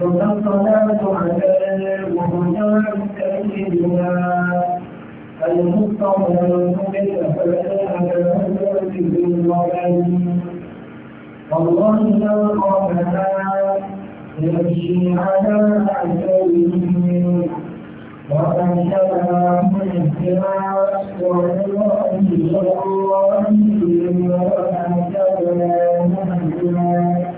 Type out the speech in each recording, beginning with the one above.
فتصلات على وهجان سيدنا المصطفى المنزل فلا تنزل في المرأي والله لو قامها يمشي على أعدائه وأنشأها من اختراع والله والله لما أنشأها من اختراع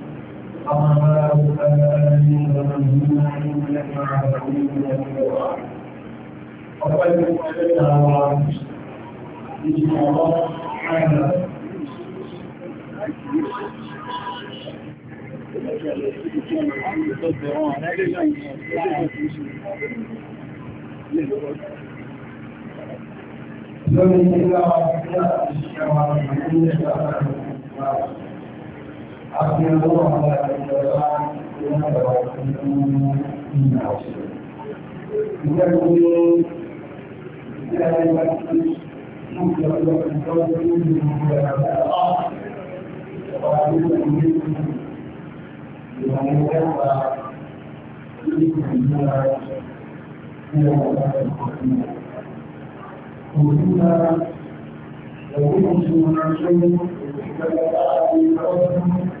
Lórí ìlú àwọn ìlú àti ìṣẹ́ àwọn àwọn ìlú ìṣẹ́ àwọn àwọn عبد الله Thank you.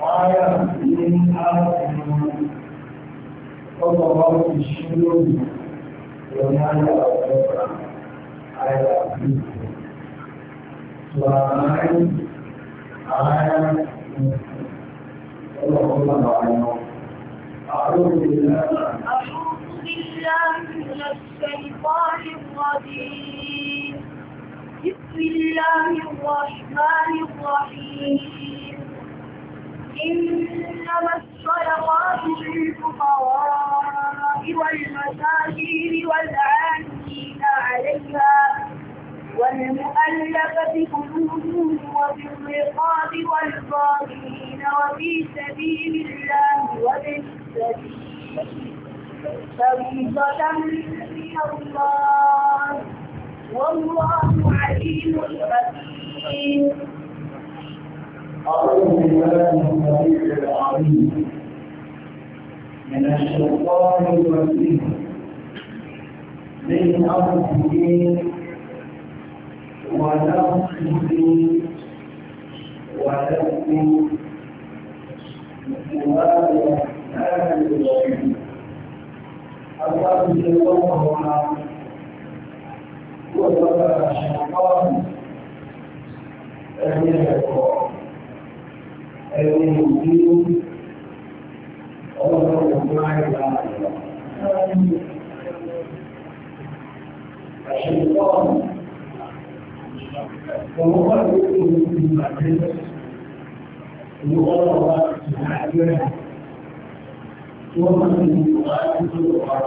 ويحيي الأرض وضربت الشمس وما يأخذ على أبيه سؤال آية صلى الله عليه وسلم أعوذ بالله من الشيطان الرجيم بسم الله الرحمن الرحيم إنما الصدقات للفقراء والمساكين والعاملين عليها والمؤلفة قلوبهم وفي الرقاب والظالمين وفي سبيل الله وابن السبيل فريضة من الله والله عليم حكيم أعوذ بالله السميع العليم من الشيطان الرجيم من أرضه ونفسه ونفسه وآله الرحيم أسأل الله عنه وَقَدْ أَشْرَقَ أَهْلِ الْقُرْآنِ ẹni ìlú ọlọ́run ọ̀gbọ́n àìlá àṣepọ̀ ọ̀wọ́n wà lórí ìgbàgbé ìlú ọlọ́run wà ìgbàgbé tí wọ́n máa ń lò wá sí ọ̀pá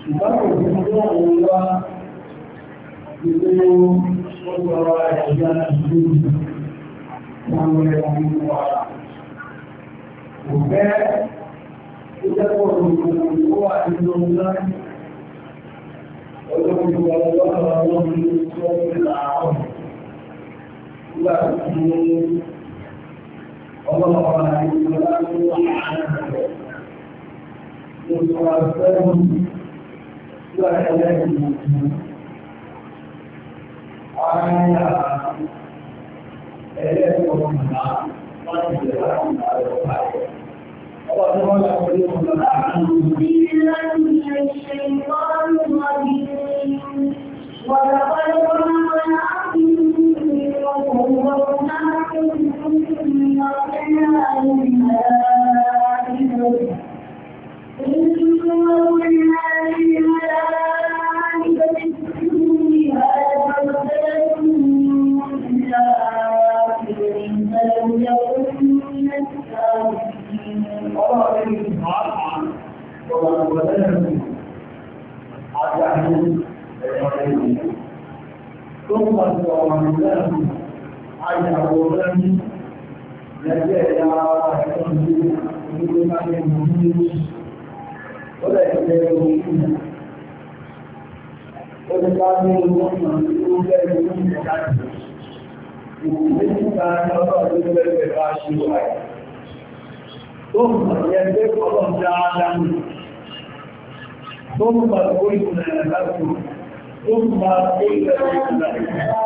ṣùgbọ́n kò sí ọjọ́ òun wá ìgbéró ọjọ́ ìyá ìlú wọn lè wọ́n nínú ara. Kò fẹ́ ó dẹ́pọ̀ lóògùn tó wà nínú ńlá. Ọlọ́run ti wọ́n lọ́wọ́ ọlọ́run ní ọjọ́ ìlà àárọ̀. Nígbà tí ọlọ́run ọ̀la ìjọba ló wà láàárín rẹ̀. Mo sọ àgbẹ̀rù nígbà tí ẹlẹ́yìn ìlú. Àárín àárín ọmọ màmá wọn ti lè wá ọmọ àwọn ọmọ àyẹ. Ọwọ́ tí wọ́n lọ sí ọmọ màmá. Bí láti ṣe ṣe ìwádìí wọn bí wàlá wáyé wọn máa ń á bí ọkùnrin wọn náà tó ń bí ọkùnrin náà. àwòrán ayàwòrán lẹ́gbẹ́ ẹ̀yà ara ìtọ́jú onígbé láti mú ní oṣù ó lè jẹ́ oṣù ó lè bá ní ọmọ ìlú lẹ́gbẹ́ oṣù ìdájọ́ ìwé nípa ọlọ́run ló lẹ́gbẹ́ bá ṣe wáyé tó mọ̀ ẹgbẹ́ ọlọ́run dáadáa ثم قلنا لكم ثم قلنا لكم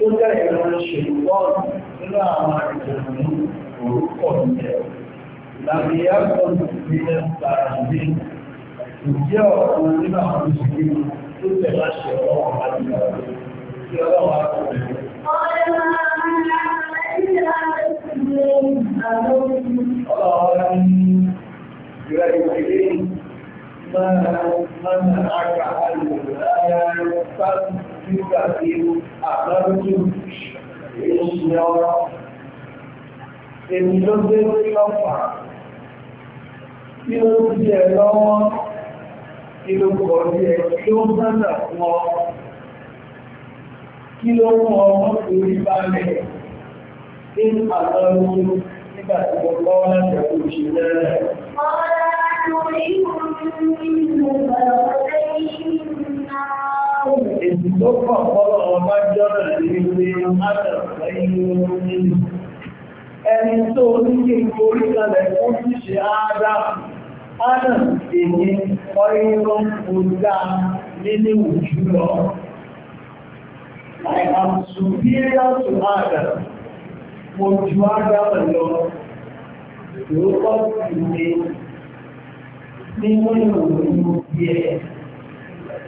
tó jẹ́ ìran ṣèlúbọ́ọ̀lù nínú àwọn ìjọ̀nù orúkọ ìjẹ́ làbíyá gbọ́nù nílẹ̀ tààrí ìjẹ́ ọ̀kan nínú àwọn ìṣèlú tó tẹ̀ láṣẹ ọ̀rọ̀ àdìyàwó tí ọlọ́wọ́ àkọsílẹ̀. Ọlọ́run ìrẹ́ ìpínlẹ̀ ما منعك ألا يصدق إن أمرتك إصرارا èmi ló dé lọ́pà tí ó ti ẹ̀ lọ́wọ́ kí ló kọ̀ sí ẹ̀ kí ó sánà fún ọ kí ló mú ọmọ orí balẹ̀ ní àlọ́ orí nígbà tí ó lọ́wọ́ láti ẹ̀kọ́ òṣèlú Èsì tó pọ̀ fọ́lọ̀ ọba jọ́rọ̀ ìrìnlẹ̀ ìrìnlẹ̀ tó oníkè orí kalẹ̀ fún ṣíṣe àádá, ádà èyí ọ̀rìnrọ̀ òjá nínú òjú lọ. I am superior to Adam, mo ju Adam lọ, lóòpọ̀ sí ilé nínú ìròyìn inú bí ẹ̀.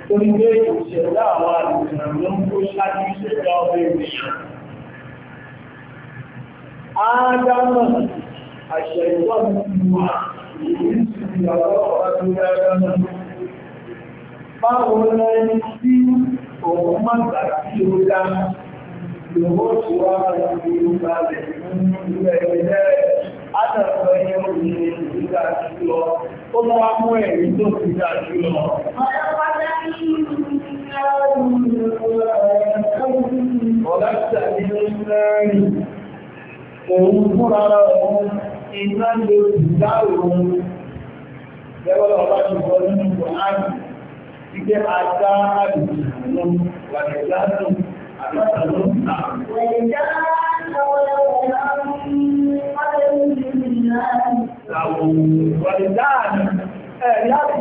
Torí pé ìṣẹ̀dá àwọn àdìsàn ló ń kó ṣáájú ìṣẹ̀dá ọmọ ènìyàn. Ádámọ̀ àṣẹ ìwọ́n ti wà tí òun má gbà sí ó dá lòwó tí wá láti ìlú ẹ̀yẹ́ ní ìgbà tí lọ ó mọ́ wá mú ẹ̀rí tó fi dá jùlọ. Ọ̀lọ́pàá ní ọ̀rẹ́rin, òun fúnra ọ̀hún iná ló ti dá òun. Lẹ́wọ́lọ́ ọ̀pá ti bọ́ nínú Bọ̀hánì, ìgbé àjá àdìsìnà wà ní ìlànà àjọ́ta ló ń ta. Ẹ̀já àwọn Iná tó kú ní ẹgbẹ̀rẹ̀ Iná tó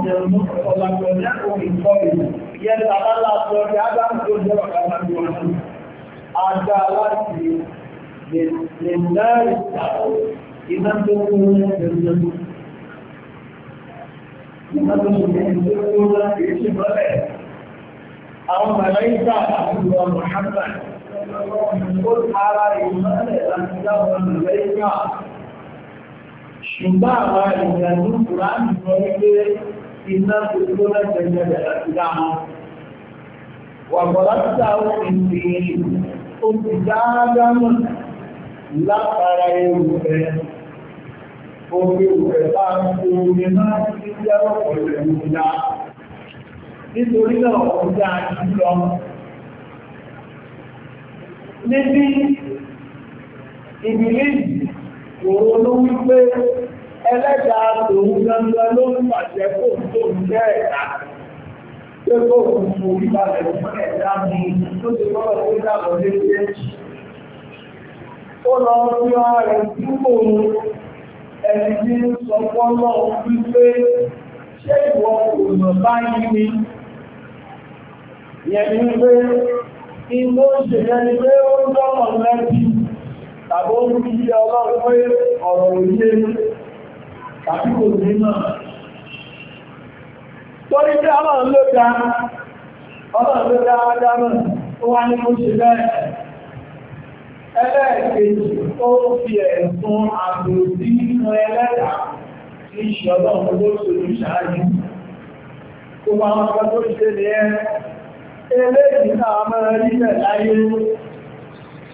kú ní ẹgbẹ̀rẹ̀ Àwọn mẹ̀lẹ́ta àti ìwọ̀n Mùhammad, ó tààrà ìmọ́lẹ̀ láti dáwọn mẹ̀lẹ́ta ṣùgbọ́n àwọn ìrìnàjò kùránì sọ wípé iná tó tó lẹ́sẹ̀ jẹ́jẹ́ láti dá wọn. Wàbọ̀lá ti dá ó ti fi ó ti dáadáa mọ̀ látara ewu rẹ̀. Omi rẹ̀ bá ń kó omi náà sí jẹ́ ọ̀pọ̀lọpọ̀ ìlú dá. Nítorí náà, ó dáa jùlọ. Níbi ìbílẹ̀ yìí òun ló wí pé ẹlẹ́dà tòun gangan ló ń pàṣẹ kó tó ń jẹ́ ẹ̀dá pé kó òun fò ìbàlẹ̀ fún ẹ̀dá mi tó ti kọ́kọ́ tó dàbọ̀ léṣe. ó lọ fi ara rẹ̀ dúpọ̀ ẹni tí ń sọ fọ́nà wípé ṣé ìwọ kò lọ báyìí ni yẹn ni pé inú òṣèlú ẹni pé ó ń dọ́kọ̀ lẹ́bi tàbí ó ń iṣẹ́ ọlọ́run ọ̀rọ̀ òye tàbí kò ní náà torí pé ọlọ́run ló dá ọlọ́run ló dá ádámà ó wá ní kó ṣe bẹ́ẹ̀ ẹlẹ́ẹ̀kejì ó fi ẹ̀sùn àbòsí nínú ẹlẹ́dà tí ìṣẹ́ ọlọ́run ló ṣe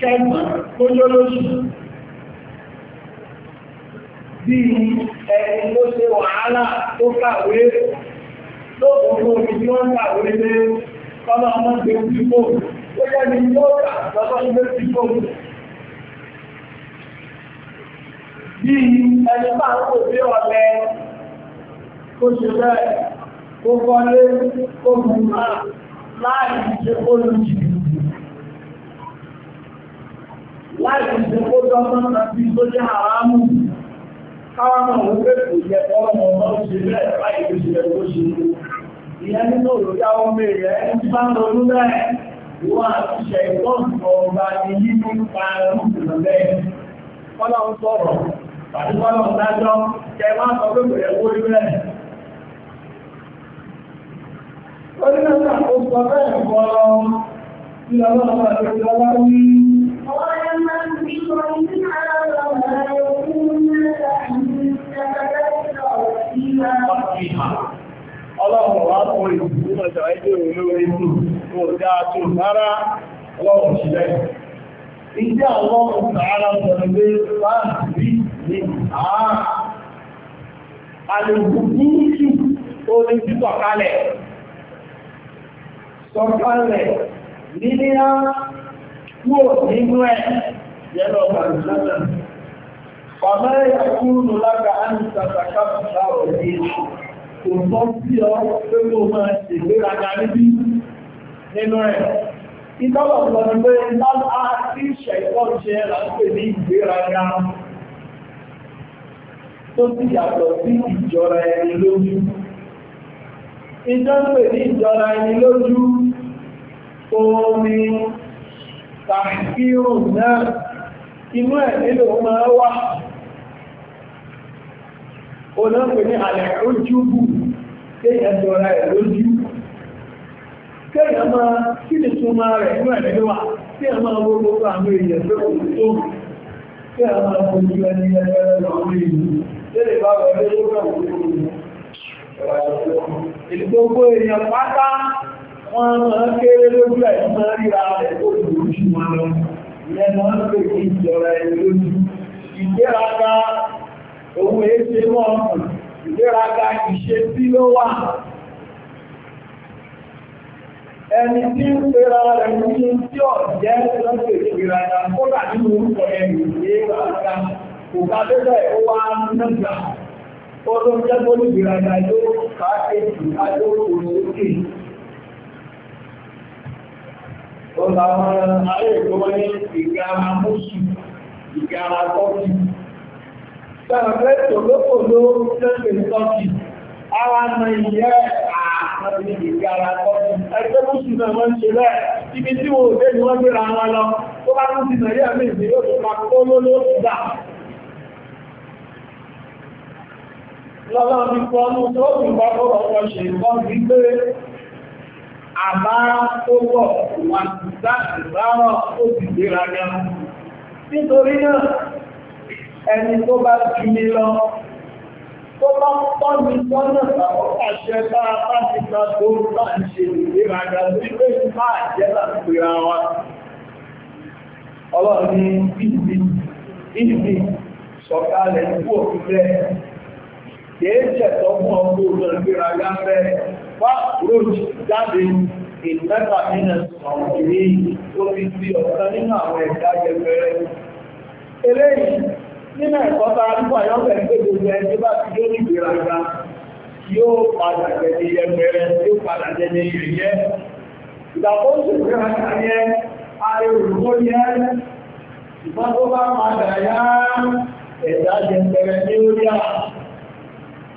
kẹgbọ́n olólóṣù bí ẹni tó ṣe wàhálà tó kàwé lóòpòpò omi tí wọ́n kàwé lé kọ́lá ọmọ gbé pípò tó jẹ́ni tó kà lọ́wọ́ gbé pípò bí ẹni máa ń kò sí ọ̀lẹ kó ṣe bẹ́ẹ̀ kó kọ́lé kó mú máa láàrin ṣe kó láti ṣe kó dọ́gbọ́n tàbí tó jẹ́ àrámù káwàmà òun pé kò yẹ ọlọ́mọ ọmọ ṣe bẹ́ẹ̀ láì fi ṣe ẹ̀kọ́ ṣe ìyẹn nínú òròyá ọmọ rẹ̀ ń bá ń ronú bẹ́ẹ̀ wọ́n àti ṣe ìtọ́nù ọba ní nínú pa ẹ̀rọ bẹ́ẹ̀ fọ́lọ́run sọ̀rọ̀ tàbí fọ́lọ́run dájọ́ kẹ máa sọ pé kò yẹ kó rí bẹ́ẹ̀ Onímọ̀ta ó sọ bẹ́ẹ̀ fọ́lọ́run tí ọlọ́run àti ọlọ́run Ọlọ́run wá fún ìgbìmọ̀ ṣàwẹ́dẹ̀ olóorí inú tó dáa tó rárá ọlọ́run ṣílẹ̀. Ìjẹ́ àwọn ọ̀pọ̀ ara sọ̀rọ̀ lé láàrí ní àárá. Àlèkùn búrúkú tó lè sí sọ̀kalẹ̀. Sọ̀kalẹ̀ nílé á kúrò nínú ẹ̀ yẹ́lọ bàrùsánà pàmẹ́ ìyàkúrù lága àìsàtà kápùsà ọ̀rẹ́ èṣù kò tọ́ sí ọ pé kó máa ṣègbéraga níbí nínú ẹ̀ ìtọ́lọ̀ sọ ni pé lọ́lá tí ṣẹ̀kọ́ jẹ́ láti ní ìgbéraga tó sì yàtọ̀ sí ìjọra ẹni lójú ìjọ́pẹ̀ ní ìjọra ẹni lójú omi tàbí òun náà inú ẹ̀ nílò máa wá onáwó ní alẹ́ ojúbù kéèyàn jọra ẹ̀ lójú kéèyàn máa kí ni tún máa rẹ̀ inú ẹ̀ nílò wà kí ẹ máa wó gbogbo àwọn èèyàn pé kò tó kí ẹ máa fojú ẹni ẹgbẹ́rẹ́ lọ́wọ́ ìlú lẹ́lẹ̀ bá wọlé gbogbo èèyàn pátá wọn máa kéré lójú ẹ̀ máa ríra rẹ̀ tó lù ú lọ ìyẹn máa ń pè ní ìjọra ẹni lójú ìgbéraga òun èéṣe mọ́ ọkùn ìgbéraga ìṣesí ló wà ẹni tí ń pera rẹ̀ ní tí ọ̀ jẹ́ lọ́pẹ̀ ìgbéraga kódà nínú orúkọ ẹni ìgbéraga kò bá bẹ́bẹ̀ ó wá nígbà ó ló ń jẹ́ tó ìgbéraga yóò káàkiri àjọ Ọ̀nà àwọn ará èkó wọ́n ní ìgara mọ́sù, ìgara tọ́kì. Sẹ́rẹ̀ tòlókòló lẹ́sẹ̀ tọ́kì, ara na ìyẹ́ àwọn ìgara tọ́kì. Ẹgbẹ́ mọ́sù náà wọ́n ṣe rẹ̀, ibi tí wo òdé ni wọ́n gbéra wọn lọ, tó bá tún ti nàíyà mí ìdí yóò tó pa kó lóló dà. Lọ́lọ́ àbára tó pọ̀ wà ìgbàrọ̀ ó ti gbéra ní Nítorí náà, ẹni tó bá jù mí lọ, tó bá pọ́ mi lọ́nà àwọn àṣẹ bá ti gbà tó bá ń ṣe ìgbéraga sí pé máa jẹ́ láti gbéra wa. Ọlọ́run ìdí, ìdí, wá rúrù jáde ìlẹ́ta nínú àwọn ìrí orí sí ọ̀sán nínú àwọn ẹ̀dá jẹgbẹrẹ. Eléyìí nínú ẹ̀kọ́ ta nípa yọ́bẹ̀ pé gbogbo ẹni bá ti lórí ìgbéraga yóò padà jẹni yẹgbẹrẹ yóò padà jẹni yẹyẹ. Ìdàkóso ìgbéraga yẹn, ariwo yẹn, ìgbọ́n tó bá padà yá ẹ̀dá jẹgbẹrẹ ní orí àwọn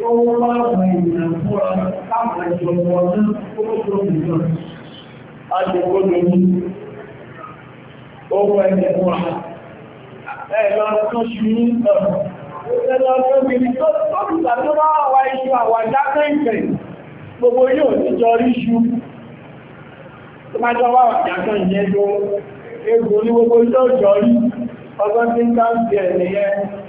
ó wá àwọn gbogbo yóò ti jọ rí tó jọ tó egbò ní gbogbo yóò jọ rí ọgbọ́n tí ń ká ń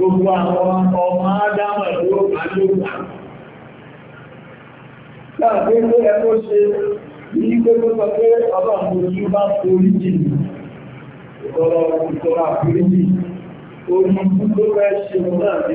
gbogbo àwọn ọmọ ádámọ̀ ló àjọ́gbà. Láàbí ló ẹkọ́ ṣe ní gbogbo sọ pé ọba àmójú bá forí jìnì, ọ̀rọ̀ ìtọ́rọ àforí jìnì, orí gbogbo rẹ̀ ṣe náà ní.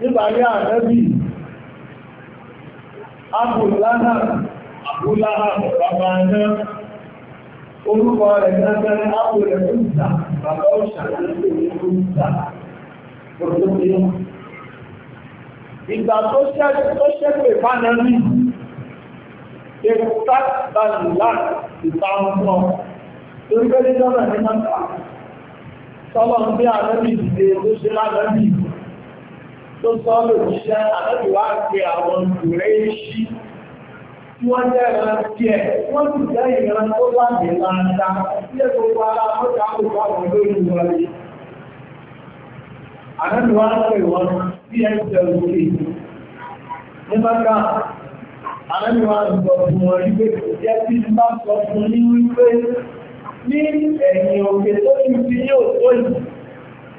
nígbàrí àrẹ́bì abúláhà abúláhà bàbá náà orúkọ rẹ̀ gẹ́gẹ́rẹ́ abúlẹ̀ òǹtà bàbá òṣàlẹ̀ òǹtà pọ̀lọ́pẹ̀ ìgbà tó ṣẹ́pẹ̀ fánẹ́lì èkúta bàlùlá ìtàwọn torípẹ́lẹ́jọ́nà ní máa sọ́lọ́ bí àrẹ́bì ìdíje tó ṣe lábẹ́bì ìgbò tó sọ lòdìṣẹ́ àtẹ́bíwá pé àwọn ìrẹ́ iṣí tí wọ́n jẹ́ ìran tí ẹ̀ wọ́n sì jẹ́ ìran tó wà ní láńdá tí ẹ gbogbo ara mọ́ta kò bá wọn lórí wọlé àtẹ́bíwá pé wọn sí ẹ̀sẹ̀ òkè ní bákà àtẹ́bíwá sọ fún wọn wípé jẹ́ tí ń bá sọ fún ní wípé ní ẹ̀yìn òkè tó ti fi yóò tó yìí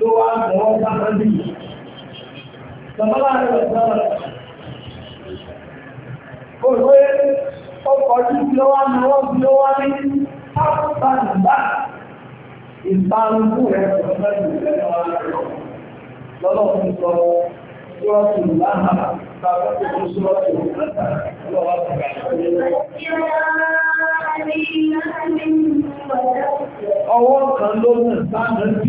tó wá mọ́ sáwọn bí sọmọláàrin ọ̀sán òwe ọkọ̀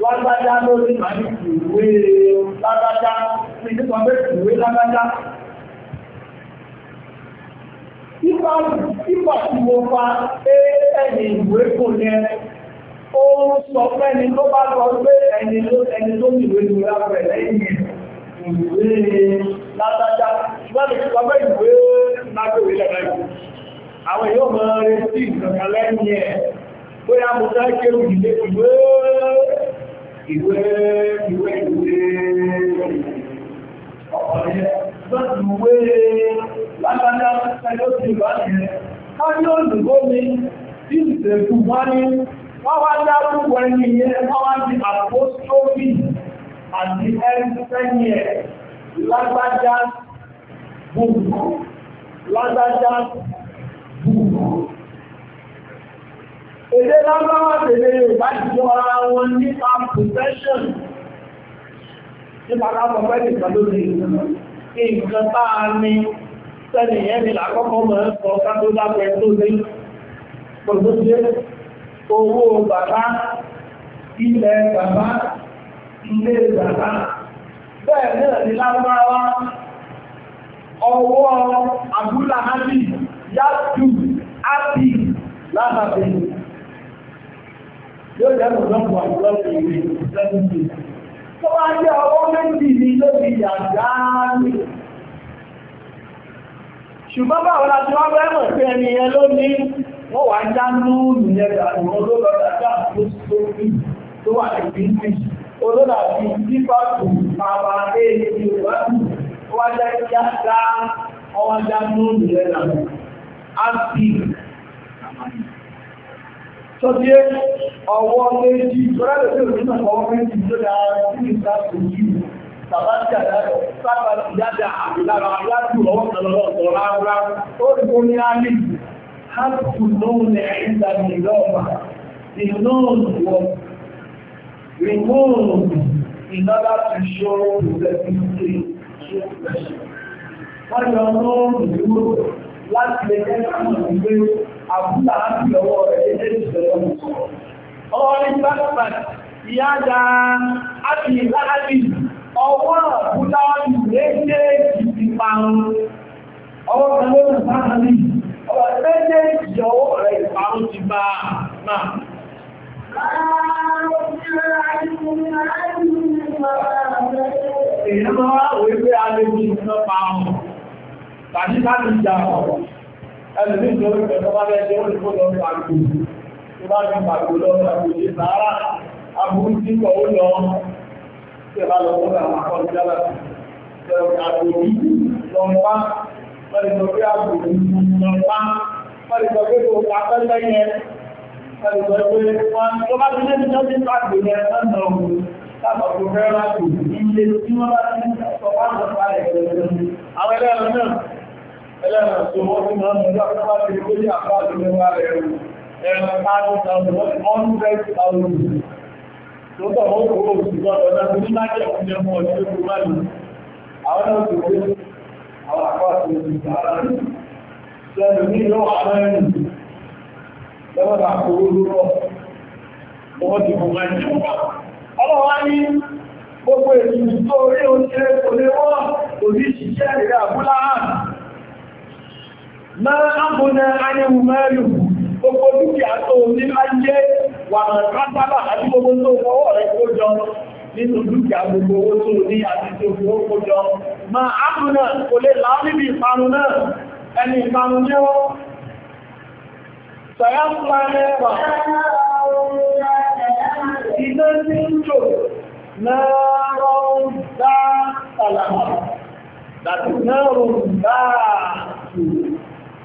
lágbájá lórí màá ní ìwé lágbájá ní nípa pé ìwé lágbájá. Ipa ipa tí mo fa ẹni ìwé kò yẹ, ó sọ pé ẹni tó bá lọ pé ẹni tó ẹni tó ní ìwé ìwé lábẹ́ lẹ́yìn ìwé lágbájá. Ṣùgbọ́n mi sọ pé ìwé lábẹ́ ìwé lẹ́yìn. Àwọn èèyàn máa retí ìgbàgbọ́ lẹ́yìn ẹ̀. Bóyá mo dá kéwì ìwé ìwé ìwé ìwé ọ̀pọ̀lẹ́ lọ́tí ìwé lágbàdá ẹjọ́ ti lọ àṣẹ káyí òdùgbò mi tí ìṣẹ̀kù wá ní wọ́n wá dá púpọ̀ ẹni yẹn wọ́n wá di apostrophe àti ẹni ẹ̀ lágbàdá gbogbo lágbàdá gbogbo Èdè lábáwá tèlé Yorùbá jùlọ ara wọn nípa profession. Nípa káàkọ̀ pẹ́lú ìpàdórí nǹkan táa ní sẹ́ni ẹni làkọ́kọ́ mọ̀ ń sọ kátó dápẹ́ tó lé. Pọ̀lú ṣe owó bàbá, ilẹ̀ bàbá, ilé bàbá. Bẹ́ẹ̀ náà ni lábáwá ọwọ́ Abúláhábì, Yásù, Ábì, Láhàbì, yóò jẹ́ ọ̀dọ́gbọ̀ àgbọ́gbọ̀ ìwé ìjọ́gbọ̀ tó bá jẹ́ ọwọ́ méjì ní lóbi yàgbáàmì ṣùgbọ́n báwọn láti wọ́n fẹ́ mọ̀ sí ẹni yẹn lónìí wọ́n wá já lóòrùn yẹn dàrú olóòdàdà tó sórí tó wà ní bíbí olóòdàbí bíbáàtù bàbá èyí ìwádìí wọ́n jẹ́ yàgbá tó bí ọwọ́ méjì rẹ́lẹ̀ tí òun náà ọwọ́ méjì tó dá sí ìta òjì bàbá tí àdájọ́ sábà yáda àbìlára aláàjù ọwọ́ tọ̀lọ́rọ̀ ọ̀tọ̀ rárá ó rí ó ní alì hàtù lóhun ní àìsà ìlọ́ọ̀bà ìlọ́ọ̀nù wọ́n removed in order to show the people wọ́n yọ lóhun ìlú láti lè jẹ́ àwọn ìwé àbúlà láti lọ́wọ́ rẹ̀ lédè ìṣẹ̀lẹ̀ ọmọ. Ọwọ́ ní Bákàbà, ìyá da ábì láàbì, ọwọ́ àbúlá lédè ìdí parun. Ọwọ́ kan ló ń bá a rí. Ọwọ́ lédè ìjọwọ́ rẹ̀ ìparun ti bá a máa. Èèyàn máa wà wípé a lè fi ìṣọ́ pa ọmọ tàbí láti ìjà ọ̀rọ̀ ẹlùmí ìjọba ìjọba bá bẹ́ẹ̀ jẹ́ olùkọ́ lọ sí àgbò tó bá fi pàgbò lọ sí àgbò sí sàárà aburú tí kọ̀ ó lọ sí ìbá lọ fún àwọn akọ́ni jálá sí àgbò yìí lọ pa lọ́dí sọ pé àgbò yìí lọ pa lọ́dí sọ pé ẹlẹ́rìn tó wọ́n tí máa ń mú lápá ti kó ní àpá àti mẹ́wàá rẹ̀ rú ẹran káàdù tàbí wọ́n hundred thousand tó tọ̀ wọ́n kò ó sì gbọ́dọ̀ náà ní májẹ̀ fún jẹ́ mọ́ ọdún tó máa lù àwọn náà tó wé àwọn àpá àti mẹ́wàá ara rẹ̀ sẹ́nu ní ìlú àwọn ẹ̀rù lọ́wọ́ ọlọ́wọ́ ní gbogbo ètùtù tó rí oúnjẹ kò lè ṣiṣẹ́ ìrẹ́ àbúlá máa ábúná aníhù mẹ́rin gbogbo dúkìá tó ní ayé wà kátábà àti gbogbo tó fọwọ́ rẹ̀ kó jọ nínú dúkìá gbogbo owó tó ní àti tó fọwọ́ kó jọ ma ábúná kò lè láá ìparun náà ẹni ìparun ní na dáa dáa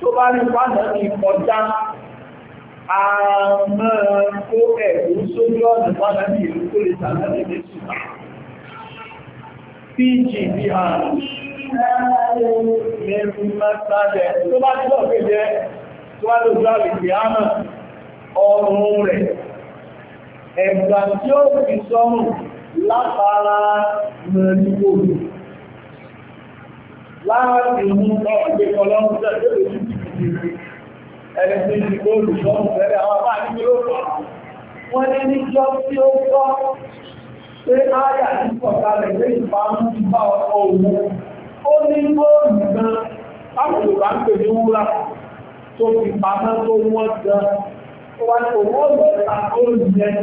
tó bá rí pàdán ní kọjá àmọ́ kó ẹ̀kú sójú ọ̀nà pàdán ní ìlú tó lè tàbí ẹgbẹ́ ṣùgbà fíjì bí a mẹ́rin mẹ́sàdẹ̀ tó bá tí ọ̀fẹ́ jẹ́ tó wá lójú àrìkì àmà ọrùn rẹ̀ ẹ̀gbà tí ó fi sọ́rùn látara mẹ́rin láàrin mú ọ̀gbẹ́ ọlọ́run tẹ́lẹ̀ ẹni tí ó lù sọ́run tẹ́lẹ̀ àwọn bá ní kí ló fà wọ́n ní níjọ́ tí ó kọ́ pé áyà ní kọ̀kalẹ̀ lé ìbámu ti bá ọkọ̀ òun ó ní góòlù gan láwùjọ bá ń pè ní wúrà tó fi pamọ́ tó wọ́n gan ó wá ní owó òun ta góòlù yẹn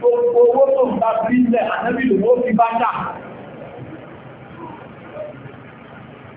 gbogbo owó tó ń bá bílẹ̀ ànábìlú ó fi bá dà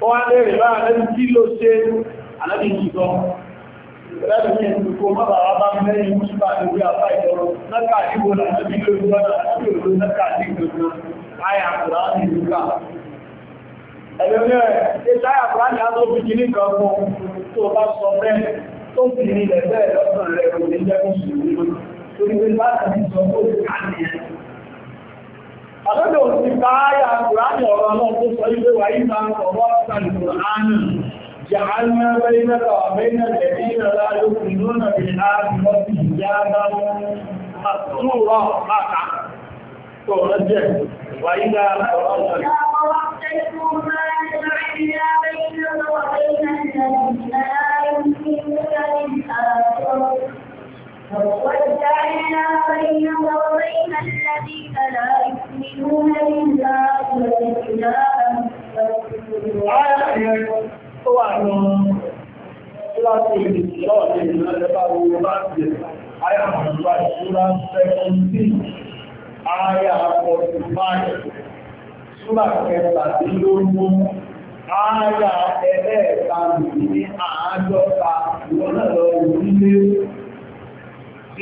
ó wá lè rẹ̀ láàá lẹ́bí kí ló ṣe àlábí ìjìgọ́ láti ní ẹ̀dùkú mọ́bà wá bá mẹ́rin mọ́sílá lórí àpá ìjọrọ̀ náà ìbò láti lórí lọ́nà àti òjò náà ní gbogbo àyà àkùrá ní ìlúkà ẹ̀lẹ́rẹ́ ẹ̀ṣẹ́ àyà àkùrá ní àtọ́bí kìíní kan fún tó bá sọ bẹ́ẹ̀ tó fi ní ilẹ̀ bẹ́ẹ̀ lọ́sàn rẹ̀ kò ní jẹ́ Àlọ́dọ̀ ti bá ayà Kùránì ọ̀rọ̀ náà tó sọ ilé wà yí máa ọ̀rọ̀ ọ̀sán Kùránì. Jàánà bẹ́ẹ̀nẹ́ta ọ̀bẹ́nà lẹ́bínà láàrùn lónà bí láàrùn lọ́sí ìjábá وجعلنا بينهم وبين الذين لا يؤمنون بالآخرة حجابا Aya Mọ̀lúwà Ṣúra 17, Aya 45, Ṣúra kẹtàdínlógún, Aya ẹlẹ́ẹ̀ta nìí ní àádọ́ta, ìwọ́n náà lọ orílẹ̀-èdè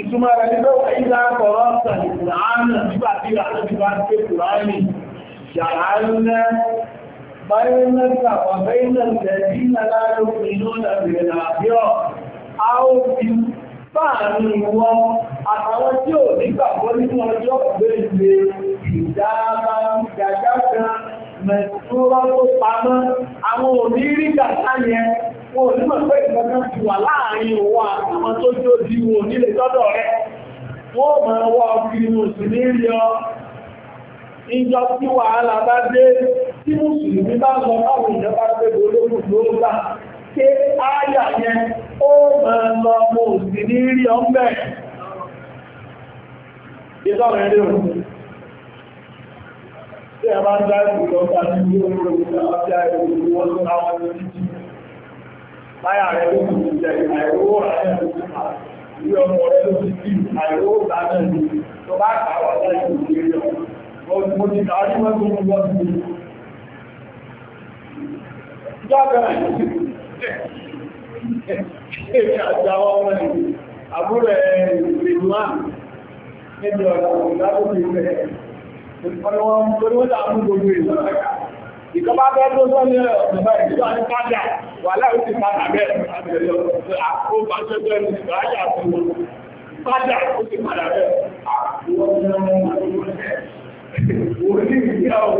ìtumọ̀ rẹ̀ ní lọ́wọ́ ìlà kọ̀rọ̀ ọ̀sán ìkùnránà nígbà tí àtọ́jú bá ń ké kùránì ṣàhálùnà báyọ̀ lẹ́gbà wà bẹ́ẹ̀lẹ̀ lẹ́dínà láàrín ìlú ìrìnà àbíọ̀ a ó fi fáàrin wọn wọn ò nímọ̀ pé ìgbẹ̀kan ti wà láàrin òun àwọn tó jó di wọn nílé tọ́dọ̀ rẹ̀ wọ́n mọ̀ ọwọ́ ọkùnrin mùsùlùmí yọ ìjọ tí wàhálà bá dé tí mùsùlùmí bá lọ ìjọba pé olóògùn ní bá ń ọjọ́ láyà rẹ̀ ló kù jẹ àìrówó rà náà ní ilé ọmọ rẹ̀ ló ti bí àìrówó rà náà ní tó bá kà wà náà ní ìgbéyà mo ti kà á ní wọ́n tó ń lọ sí i. Ìjọba èmi àti àwọn ọmọ ẹ̀ àbúrò ẹ̀ ìgbìmọ̀ níbi ọ̀nà ìdájọ́ ìgbẹ́. Ọ̀nà wọn torí wọ́n dà mú gbogbo ìlú ọ̀gá ìjọba bẹ́ẹ̀ tó sọ ní ọ̀nà ìjọba ní pàdà wà láì sí pàdà bẹ́ẹ̀ pàdà ó sì pàdà bẹ́ẹ̀ òní ìyá o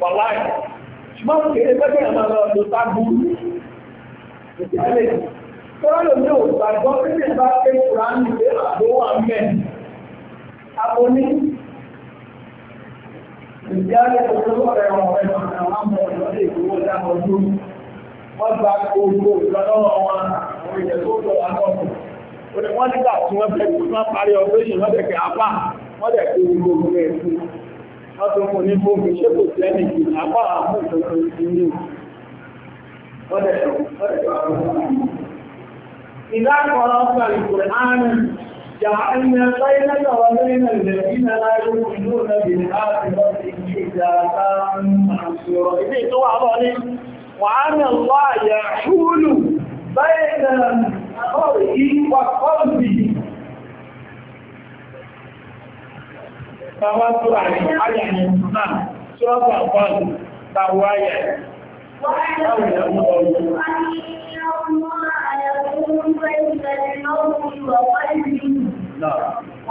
wàlá ẹ̀ ṣùgbọ́n kí ẹ bẹ́ẹ̀ kí ẹ máa lọ lọ sá burú ìjálẹ̀ tọ́lá lòmí ò gbàgbọ́ kí ẹ bá pé kùránì pé àdówó àmẹ́ àbóní ìjálẹ̀ tó tó lọ́rẹ̀ wọn rẹ̀ wọ́n gba gbogbo ìgbàlọ́wọ́ wọn àwọn ìyẹ̀ tó lọ àtọ́kù wọ́n nígbà tí wọ́n fẹ́ kí wọ́n parí ọgbẹ́yìn wọ́n tẹ̀kẹ̀ apá wọ́n tẹ̀ kí gbogbo ẹ̀kú wọ́n tó fún ní gbogbo ṣé kò sí ẹni kì apá àmú ìtọ́jú ìlú wọ́n tẹ̀ wọ́n tẹ̀ ìdákọ̀ọ́rọ̀ ọ̀sán ìkùrẹ̀ ààrùn جعلنا بينك وبين الذين لا يؤمنون بالآخرة حجابا محصورا. إذا توعظني وأن الله يحول بين المرء وقلبه Bàbá tó rà ní ayà ní náà tí wọ́n bá bá lù láwọ́ ayà láwọ́ ìyàwó ọ̀rọ̀. Wọ́n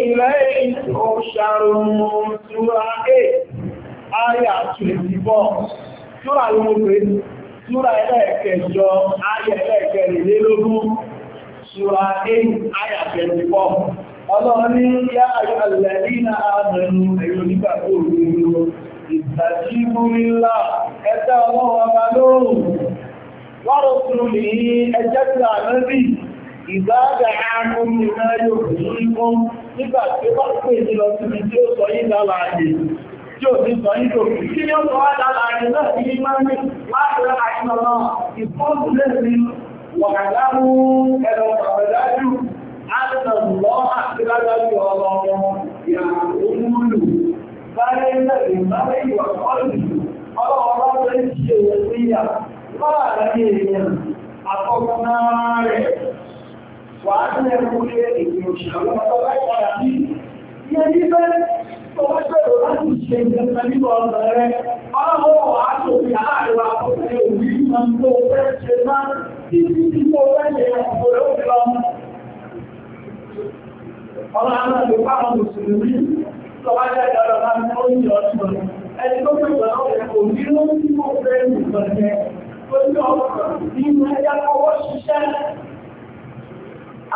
Ilé-ìṣò ṣàrùn-ún Súra 8, Aya 24, Súra Lúmọ́gbé, Súra ẹlẹ́ẹ̀kẹjọ, Aya ẹlẹ́ẹ̀kẹrìnlélógún, Súra 8, Aya 24. Ọlọ́run ní yá àjọ̀lẹ̀ nínú ààbẹ̀nu ẹ̀yọ nígbà tó rúrú ìtàjíbú nílá ẹjẹ́ ọlọ́wọ́ ọba lóòrùn ìbáàdà ààrùn ìrìnà yóò rí fún nígbà tí ó bá pè ní lọ sí tí ó sọ yí dára àyè tí ó ti sọ yí tó kí kí ni ó sọ wá dára àyè náà sí ní máa ní láàrín àìsàn náà ìfọ́sílẹ̀ sí wàhálàmú ẹ̀rọ pàpẹ̀dájú àtàlọ́ àti lágbàjú ọ̀rọ̀ ìyàwó múlù báyé náà ìbáwé ìwà ọ̀rọ̀ ọlọ́ọ̀rọ̀ tó ń ṣe òwò sí ìyà láàrín èèyàn àkọ́kọ́ náà rẹ̀ wàá ní ẹrù lé èdè òṣèlú ọlọ́pàá ìpàdà bí i yẹ ní fẹ́ tó wá bẹ̀rẹ̀ láti ṣe ìjẹta nínú ọ̀rọ̀ rẹ ọlọ́wọ́ wàá tó fi àárẹ̀wà ọ̀pẹ̀ òwú máa ń tó fẹ́ ṣe máa títí tí mo fẹ́ ṣe ọ̀pọ̀lọ́ lọ. ọmọ àwọn àgbẹ̀pá àwọn mùsùlùmí tó wá jẹ́ ìjọba máa ń tó ń yọ ọ̀sán ẹni tó fi ìgbà ọ̀rẹ́ kò ní ló ń tí mo fẹ́ ìgbà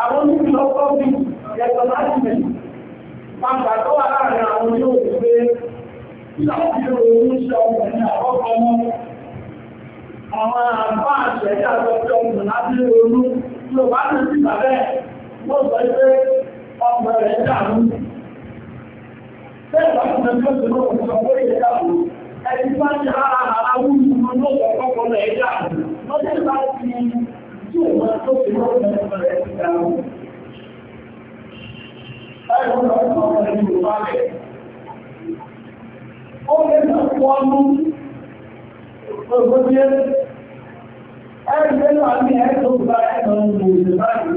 àwọn níbi lọ́kọ́ bí ẹ̀tọ́ láti mẹ́ pàtà tó wà láàrin àwọn yóò ti pé láti òun ṣe ọmọ ní àkọ́kọ́ mọ́ àwọn àbá àṣẹ ìdájọ́ ọmọ láti ronú tí ó bá ti sí bàbẹ́ wọ́n sọ pé ọmọ rẹ̀ dàrú. Bẹ́ẹ̀ bá ti mẹ́ ọ̀rẹ́ ní ìwà rẹ̀. Ó lè nà pọ́nú ọgbọ́dé ẹgbẹ́ náà ní ẹ̀tọ́ gba ẹ̀mọ̀ ìlú ìbáyìí.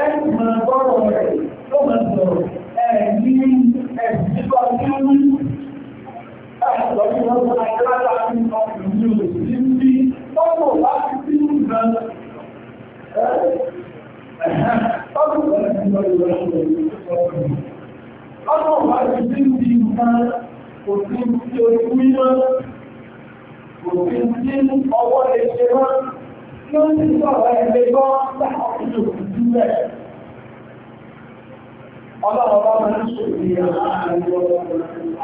Ẹ̀mọ̀ gbọ́rọ̀ rẹ̀ tó mọ̀ sọ̀rọ̀ ẹ̀mí ẹ̀sìn kọ́ sí mú. Ẹ̀sọ̀ tí wọ́n mú agbára ní ọkùnrin ní òsì sí tọ́pọ̀ láti sí ìgbà. Ẹ̀hẹ́ tọ́pọ̀ láti sí ìgbà. sí ti nǹkan kò sí ti orí mímọ́ kò sí ti ọwọ́ lè ṣe mọ́ tí ó sì sọ̀rọ̀ ẹgbẹ́ gbọ́ láàrín òkú sílẹ̀ ọlọ́run bá máa ń ṣòfin àwọn àjọ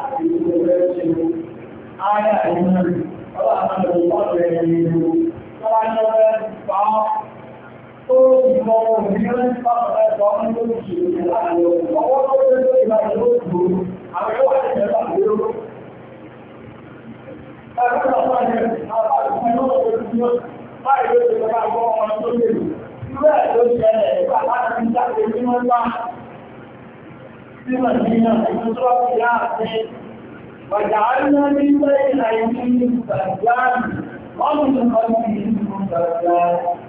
àti ìgbẹ́ ṣe ayé àìmọ́ ọlọ́run àwọn ọ̀rẹ́ ẹni ló tọ́lá ní ọ̀rẹ́ tó ìmọ̀ òmìnirẹ́ pàtàkì ẹ̀kọ́ ọmọ tó ti ṣe láàrin ọwọ́ tó tẹ́ tó ìlà ìlú òkú àwọn ẹwà ìjẹta ìlú Ẹgbẹ́ ọmọ ẹgbẹ́ àwọn ọmọ tó ti ṣe láàrin ọmọ tó lè rí. Ìwé ẹ̀ ló ṣẹlẹ̀ ìgbà láti jáde nínú ẹgbà. Símọ̀ ní ìjọba ìyá àti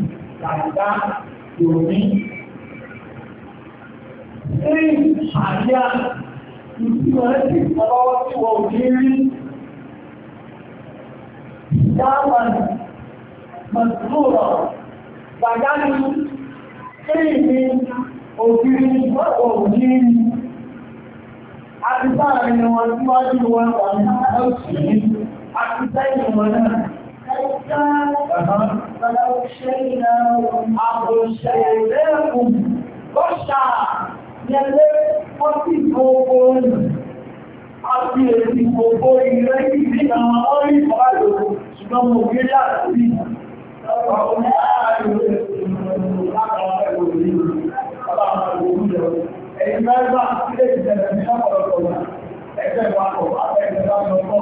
kàtà yòmí. Ní àyà ìtumọ̀ ẹ̀sì ọlọ́wọ́ tí wọ́n ò ní rí. Dáwọn Mọ̀túrọ̀ Gbàdánù Kéèmí ògiri ọ̀pọ̀ ògiri àti sáàrin wọn síwájú wọn wà ní ọ̀sìn àti sẹ́yìn wọn náà. فلو شيناهم أغشيناهم غشا yẹlé wọ́n sì gbogbo ọ̀nà àti èsì gbogbo ilẹ̀ ìdí àwọn orí ìfàlò ṣùgbọ́n mo gbé láti ọkùnrin láàrin ẹ̀yìn mẹ́rin bá sílé ìjẹ̀lẹ̀ ní ọ̀pọ̀lọpọ̀ ẹgbẹ́ ìwàkọ̀ àti ẹgbẹ́ ìwàkọ̀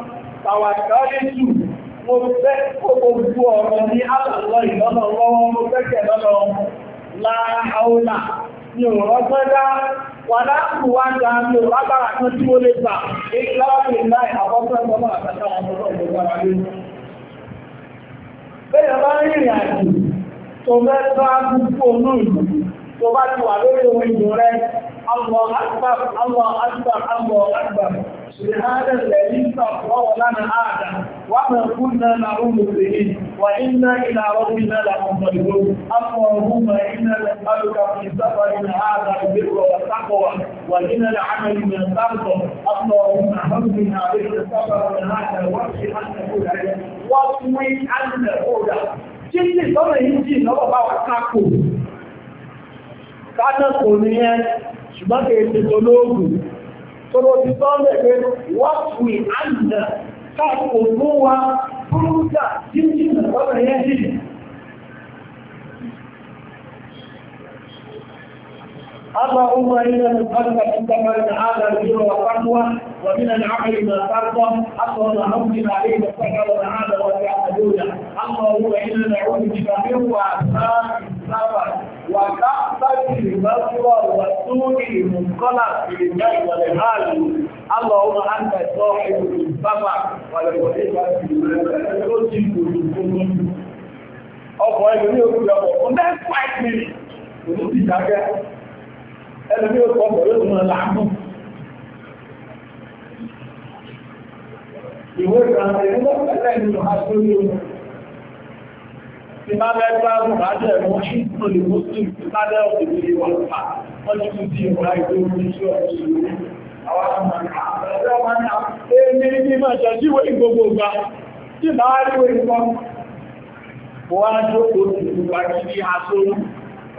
tàwàkálẹ́jù mo fẹ́ ọ̀rọ̀ ní àlàlọ́ ìlọ́nà lọ́wọ́ mo fẹ́kẹ̀ lọ́nà láàáúlà ní òrọ́gbọ́dá wà láàpù wá ń dáa ní òrágbára tí ó lè gbà ìgbàláwọ̀ ìlà الله أكبر الله أكبر الله أكبر سبحان الذي سخر لنا آدم وما كنا نعوذ به وإنا إلى ربنا لمنقلبون اللهم إنا نسألك في سفر هذا البر والتقوى وإن العمل من ترضى اللهم حمدنا عليك سفر هذا واكشف عنا كل عين واطوي عنا هدى جئت صلى الله عليه وسلم sádàkù nìyẹn ṣùgbọ́n kìí ti tó lóògùn tó ló ti tọ́ lẹ́gbẹ́ wọ́pù ìhànà káàkùn fún wa fúrúdà jíjìn lọ́rọ̀ yẹn jìnnà اللهم إنا نسألك عندما نتعالى البر والتقوى ومن العمل ما ترضى اللهم أمن علينا الصحة والعافية والعافية اللهم إنا نعوذ بك من وعثاء السفر وكأسة المسوى وسوء المنقلب في الماء والهال اللهم أنت صاحب السفر ولقدك في المسجد ọkọ̀ ẹgbẹ̀rún òkú lọ́pọ̀ ọ̀dẹ́ 5 minutes òun ti dákẹ́ ẹlùmí ó kọ́ pẹ̀lú ìmọ̀ làágùn ìwé ìrànlẹ̀ ìrúlọ́pẹ̀lẹ̀ nínú àṣírí ohun ti máa bẹ́ gbáàrùn rájẹ̀ wọ́n ṣí tó lè mú sí ìpínlẹ̀ òkèèrè wọn pa wọ́n ti tún di ìwọ̀n àìdó orí sí ọ̀sẹ̀ ìlú àwọn ọmọ ẹ̀rọ máa ń ta èmi ní máa jẹ́ síwé ìgbogbo gbà tí máa rí ìwé ìfọ́n wọ́n á jókòó sí ìgbà kiri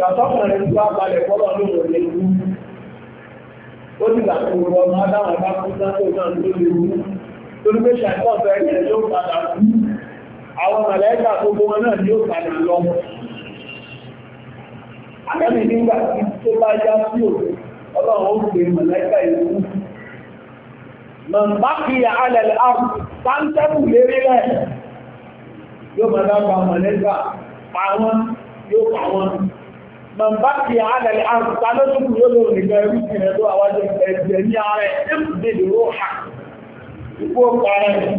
Ìgbàtọ́kùnrin tí wá balẹ̀ fọ́lọ̀ ní òun lè wú. Ó ti gbà tó wọ ọmọ adáwọn bá kú sáńtò náà tó lè wú. Torí pé ṣàìkọ́ fẹ́ ilẹ̀ yóò padà kú. Àwọn mọ̀lẹ́gbà gbogbo wọn náà yóò padà lọ. Akẹ́mi nígbà tí tó bá yá sí òun, ọlọ́run ó gbé mọ̀lẹ́gbà ìlú. Mọ̀nbákìyà alẹ̀ àrùn, sáńtẹ́kù lérí rẹ̀ yóò máa dábàá mọ̀lẹ́gbà yóò pa màmbá ti àádàlẹ̀ àrùn ta ló tún kúrò lórí nìkan ẹrú sí rẹ̀ tó àwọn ẹ̀jẹ̀ ní ara ẹ̀ ẹ̀kù dèdè ó hà ipò parẹ́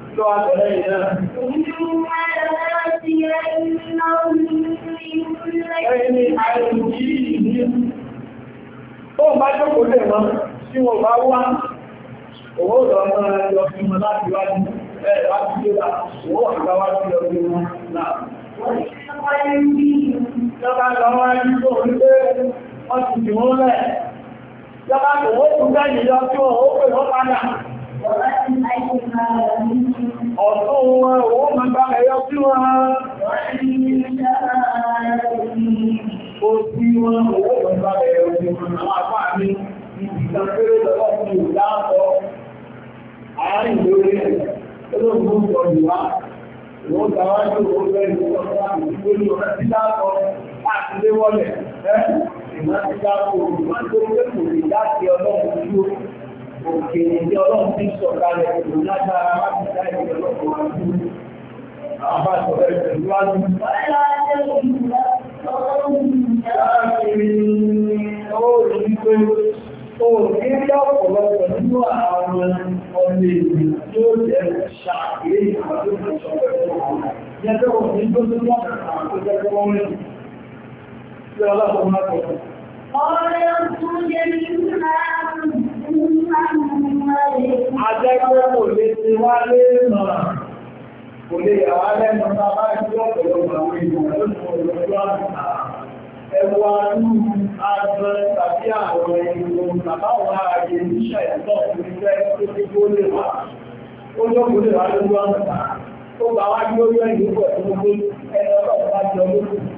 lọ àtẹ̀lẹ́yìn lè mọ́ tí wọ́n bá wá, òwò lọ mọ́ ẹjọ́ láti wájú, ẹ̀ láti gbé bá, òwò àgbáwá sí ọdún wọn náà. Ìjọba lọ wá tó orí pé wọ́n ti dì wọ́n lẹ̀. Ìjọba kò wó tún lọ tí ọ̀tún wọn owó ma bá ẹyọ sí wọn ó sí wọn owó ma bá ẹyọ sí wọn àwọn àpá mi ìgbìkan péré lọ́wọ́ sí ìdáàbọ̀ àárín lórí ẹ̀ olóògbò ọ̀dùn wá ìwọ́n gbàwájú owó bẹ́ẹ̀ ní ọjọ́ àmì ìgbóni ọ̀rẹ́ sí dáàbọ̀ láti léwọ́lẹ̀ ẹ́ ìmọ̀ sí dáàbọ̀ olùmọ̀ tó ń gbé òkèèrè tí ọlọ́run ti sọ kalẹ̀ kò lágbára láti dá ìwé ọlọ́run àbá sọ̀rọ̀ ẹ̀sẹ̀ níwájú. Òní ní ọ̀pọ̀lọpọ̀ nínú àwọn ọmọ èdè tí ó jẹ́ ṣàkíyè ìpàdé ìṣọ̀rọ̀ ẹ̀kọ́. Yẹ́tọ́ òní tó tó lọ́pọ̀ àwọn tó jẹ́ kọ́wọ́n Ajẹ́gbẹ́ kò lè ti wá lé màá, kò lè yàwá lẹ́nu bàbá ìjọ́ pẹ̀lú àwọn ìgbìmọ̀ lóṣùwọ̀n lọ́jọ́ àmìta. Ẹwà ní àjọ tàbí àwọn ìgbìmọ̀ bàbá wà ààyè níṣẹ̀ ìtọ́ ìfẹ́ tó ti kó lè wà. Ó jọ́ kò lè wá lójú àmìta. Ó bá wá gbóyọ́ ìlú pẹ̀lú gbogbo ẹni ọlọ́pàá jọ lóṣùwọ̀n.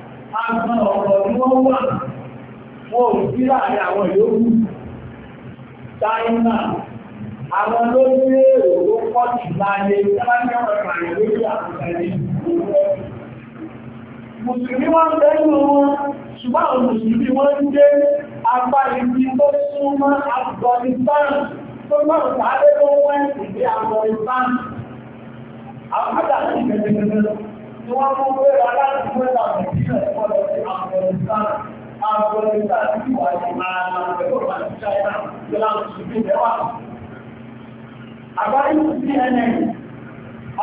agbọn ọ̀rọ̀ ni wọ́n wà wọn ò sí láàrin àwọn yòókù China àwọn ló ní èrò tó pọ̀ jù láyé sábàjẹ́ wọn kàyẹ̀ lórí àkùnkàlẹ̀ mùsùlùmí wọ́n tẹ́lú wọn ṣùgbọ́n àwọn mùsùlùmí wọ́n ń dé apá ibi tó súnmọ́ Afghanistan tó náà sáré lọ́wọ́ ìdí Afghanistan àwọn àgbà ni wọ́n cnn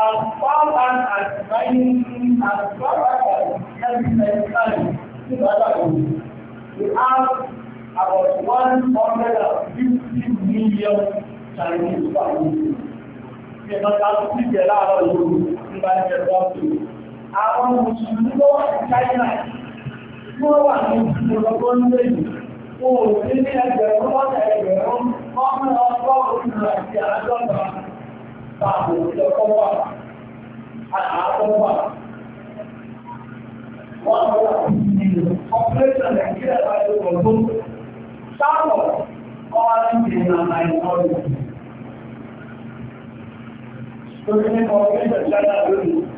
as far as as mining as far as as health medicine ti bàbá we have about one hundred fifty million chinese families. Ìjọba ta kú ìjẹ́ láàárọ̀ ìlú nígbà tí ẹ bá àwọn mùsùlùmí ló wà ní China tí wọ́n wà ní ìjọba tó ń lè yìí wọn ò sí ní ẹgbẹ̀rún lọ́nà ẹgbẹ̀rún ọmọ ọgọ́rùn-ún àti àádọ́ta tààbò ìjọkọ́ wà àtàkọ́wà wọ́n wà ní ọ̀pẹ́sẹ̀ Nàìjíríà láti ọdún sáwọ̀ ọ̀rìn ìrìnà àìmọ́lù. Tó ní ọ̀pẹ́sẹ̀ China lónìí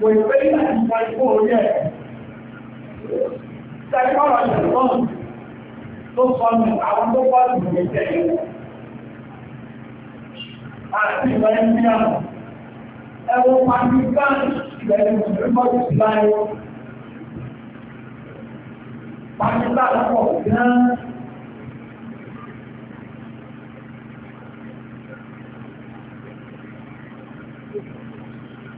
kò ìpé nígbà tí ikú orí tẹ́kọ̀rọ̀ ṣẹ̀gbọ́n tó sọ ní àwọn tó bọ́ sí ìwé tẹ̀lé àti ìwé ní àwọn ẹwọ́n Pakistan ìwé ní ìrìnbọ́dù sí láyé Pakistan pọ̀ gan-an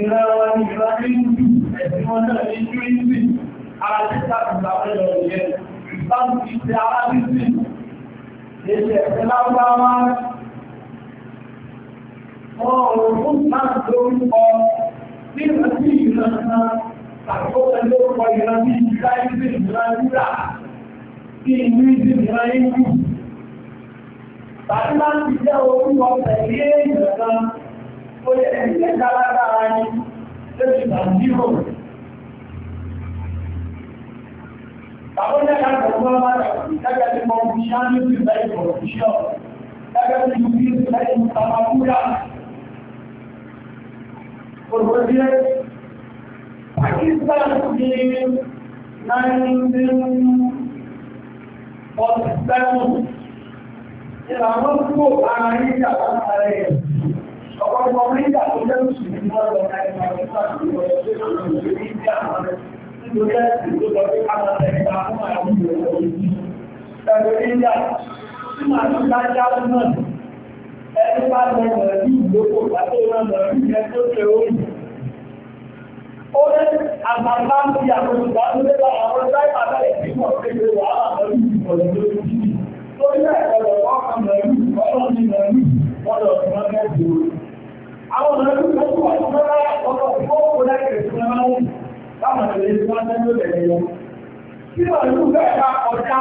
ìran wọn ni ìran ìlú ẹ̀sìn wọn náà ní ìlú ìlú ara tí sàkùnlá pẹ̀lú ọ̀yẹ́ ìbámu ti ṣe arábìsì èdè ẹ̀sẹ̀ lágbáwá ọ̀rọ̀ fún náà lórúkọ ní ìrántí ìran náà àkókò lórúkọ ìran ní ìlú ìlú ìran rírà sí ìlú ìlú ìran ìlú Tàbí láti jẹ́ orúkọ tẹ̀lé ìrẹ̀kan ó yẹ ẹni tẹ́ dáradára ní lóṣù nàìjíríò àwọn ẹ̀ka àgbẹ̀wọ́n máa dà gẹ́gẹ́ bí mo fi ṣáà ní ìlú ìgbà ìgbọ̀rọ̀ fi ṣọ́ gẹ́gẹ́ bí mo fi ìgbà ìgbà ìgbà Òṣèlú Pakistan ní 1947 ìlànà tó àárín ìjàpá ààrẹ ẹ̀sìn ọ̀pọ̀lọpọ̀ ọjọ́ ìgbà ìgbà ìgbà ìgbà ìgbà ìgbà ìgbà ìgbà Ẹni bá lọ rẹ̀ ní ìgbókò pàtó ìrànlọ̀ ìrìnlẹ̀ tó ṣe orí. Ó rẹ̀ àgbàgbà ń fi àwọn ìgbàlódé láwọn ọ̀rọ̀ dáìbà bẹ̀rẹ̀ sí àwọn ọ̀nà tó tó wà tó rárá ọ̀nà tó kó láìpẹ́ tó máa ń láwọn ọ̀nà tó máa ń tẹ́lẹ̀ bẹ̀rẹ̀ lọ. Kí wọ́n lù bẹ́ẹ̀ bá ọjà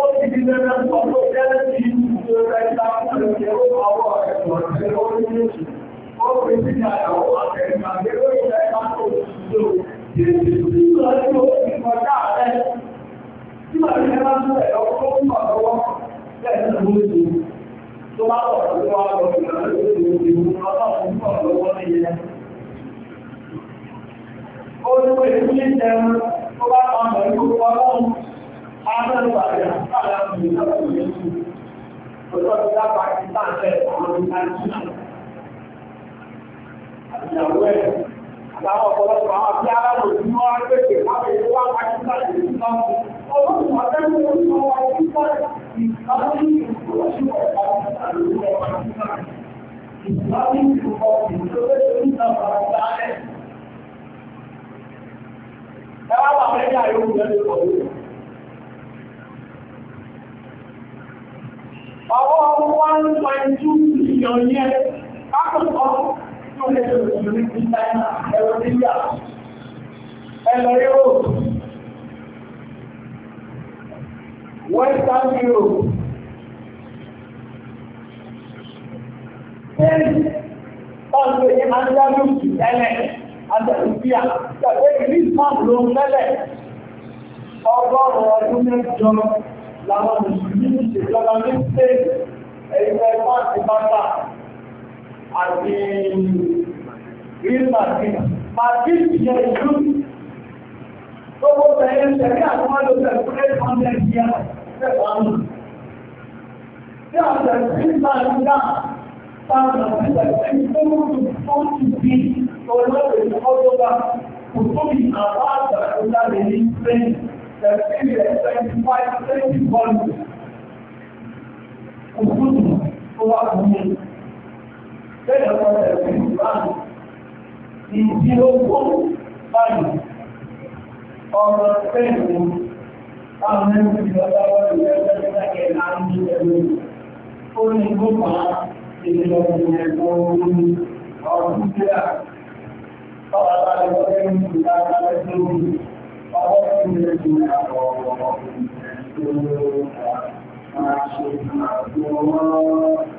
ó ti di dandan tó tó tẹ́lẹ̀ sí ìlú tó rẹ̀ ta fún ẹ̀rọ àwọn ẹ̀sùn ọ̀sẹ̀ orí méjì. Ó fi sí ní àyàwó àtẹ̀yìn àgbẹ̀rẹ̀ ó yẹ ká tó tó. Kí ni tí tí tó bá wọ̀ tó wá lọ sí Ìyàwó ẹ̀ láwọn Ọwọ́ 1.2 million yẹn, akọ̀kọ̀ tó lè lò jù ní ti China ẹ̀rọ níyà ẹ̀lọ Europe Western Europe Ọ̀sẹ̀ ní Andalusi tẹ́lẹ̀, Andalusia, tàbí Lisbon ló ń tẹ́lẹ̀, ọgọ́rùn-ún ọdún mẹ́jọ làwọn mùsùlùmí àti Real Madrid. Madrid jẹ́ ìlú tó kó bẹ̀rẹ̀ ṣẹ̀rí àwọn olóṣèlú fún eight hundred years ṣẹ̀wọ̀n. Tí a ṣe sí Nàìjíríà, táwọn ọ̀sẹ̀ ṣe tó mú tó ti di olóṣèlú ọlọ́gbà kò tó bí àwọn àgbà tó jáde ní Spain. Tẹ̀sí rẹ̀ twenty five twenty one. Òkúta tó wà fún mi bẹ́ẹ̀ wọ́n rẹ̀ sí báyìí ìdí ogún báyìí ọmọ pẹ̀lú àwọn ẹgbẹ́ ìjọba wọ́n rẹ̀ lẹ́gbẹ́ lákẹ́ àárín ìjọba ó ní gbọ́gbà ìjọba ìjọba ọdún ọdún tí a bọ́wọ́ bá lè wọ́n rẹ̀ ní ìjọba lórí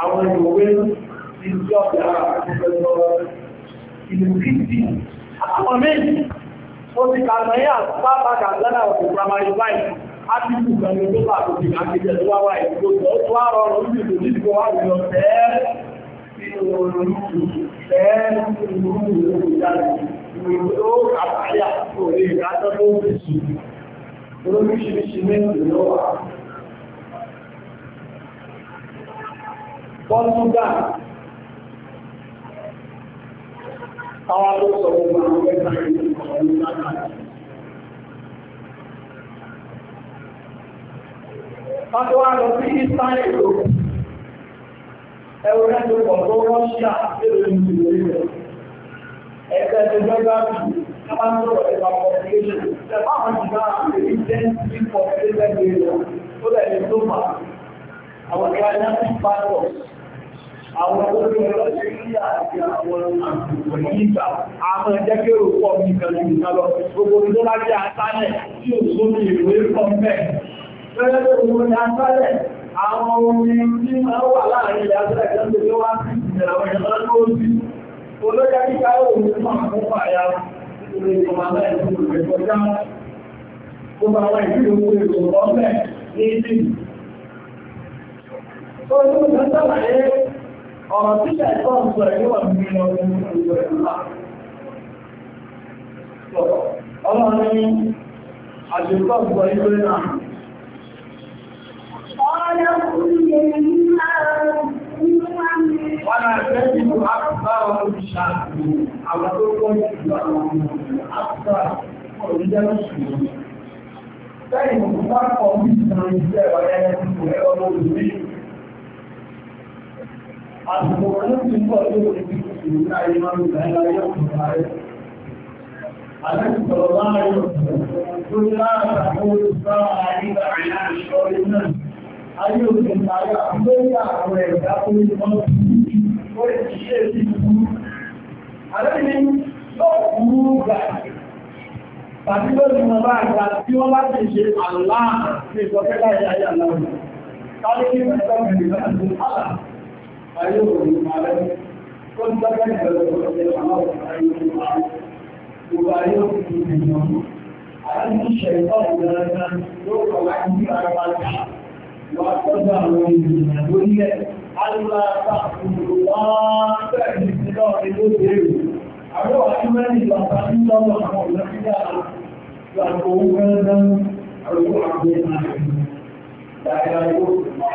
àwọn ìwòwé ti jọ ìyára àkókò ìlú kìtì àwọn méjì ó ti kàmọ̀ yí àpápàkà lẹ́nà ọ̀pọ̀ primary life ápìkù pẹ̀lú tó bá àkókò àkíjẹ̀ tó wá wá ìgbò tó tó wá rọrùn ní ìlú nígbò wá rí lọ tẹ́ẹ̀ sí ìrọ̀rùn tẹ́ẹ̀ sí ìrọ̀rùn ìrọ̀rùn ìrọ̀rùn ó àbáyà kò rí ìdájọ́ tó ń pèsè olóríṣiríṣi méjì lọ́wọ́ Pọ́túgà àwọn tó sọ gbogbo àwọn ẹgbẹ́ Pàtó wá lọ sí Ìsáyẹ̀ lò, ẹwọ rẹ́jọ pọ̀ tó Rọ́ṣíà lèrè ìlú Ẹgbẹ́ tó gbẹ́gbẹ́ àwọn ìgbà àti ìjẹ́ǹtì population àwọn olóògbé ọlọ́ṣẹ́ sí àti àwọn ìgbà àwọn ẹjẹ́kẹ́rò pọ̀ ní ìkàlù ìkàlọ̀ gbogbo tó láti àtàlẹ̀ tí ò sómi ìwé pọ̀ mẹ́ fẹ́rẹ́ tó ni àtàlẹ̀ àwọn omi tí máa wà láàrin ilẹ̀ àtàlẹ̀ kan tó wá sí ìgbẹ̀rẹ̀ àwọn ìjọba lóòsì olóògbé kíkà òun náà fún àyà ìgbẹ̀rẹ̀ ìgbẹ̀rẹ̀ ìgbẹ̀rẹ̀ ìgbẹ̀rẹ̀ ìgbẹ̀rẹ̀ ọ̀nà tí ṣẹ̀tọ́ ń sọ ẹ̀yọ́ wà ní ọdún ìjọ ìlú ọmọ ní àjẹ́kọ́ ń sọ ìjọ ìlú Ọ̀nà kúrò ní Wọ́n á fẹ́ nínú àpá olùṣà àwọn tó kọ́ ìlú àwọn ọmọ àpá olùjẹ́ àsìkò ọdún ti pọ̀ tó lè fi ìlú láyé máa ń gbà láyé ọ̀pọ̀ láyé. Àlẹ́sìkọ̀ọ́ láàárín tó láàárín àwọn olùsọ́ àríwá àyà ìṣọ́rí náà. Ayé òkè parí àgbéyé àwọn ẹ̀dá tó ní wọ́n ti ó lè ti ṣe sí ìlú. Àlẹ́ni yóò kúrú gbà tàbí lórí wọn bá àgbà tí wọ́n bá ti ṣe àlá ní ìsọ̀kẹ́lá ìyá ìyá láwọn. Tàbí ní ìfẹ́ أيضاً عليه كنت كان يقول يبايعه في اليوم على الشيطان ذلك يوقع عندي أربعة وأتبع من الدنيا ألا تعبد الله فإنه يدرك أروح إيمان إلى تعبد الله ونحيا وأقوم بذنب أروح بما لا يقول الله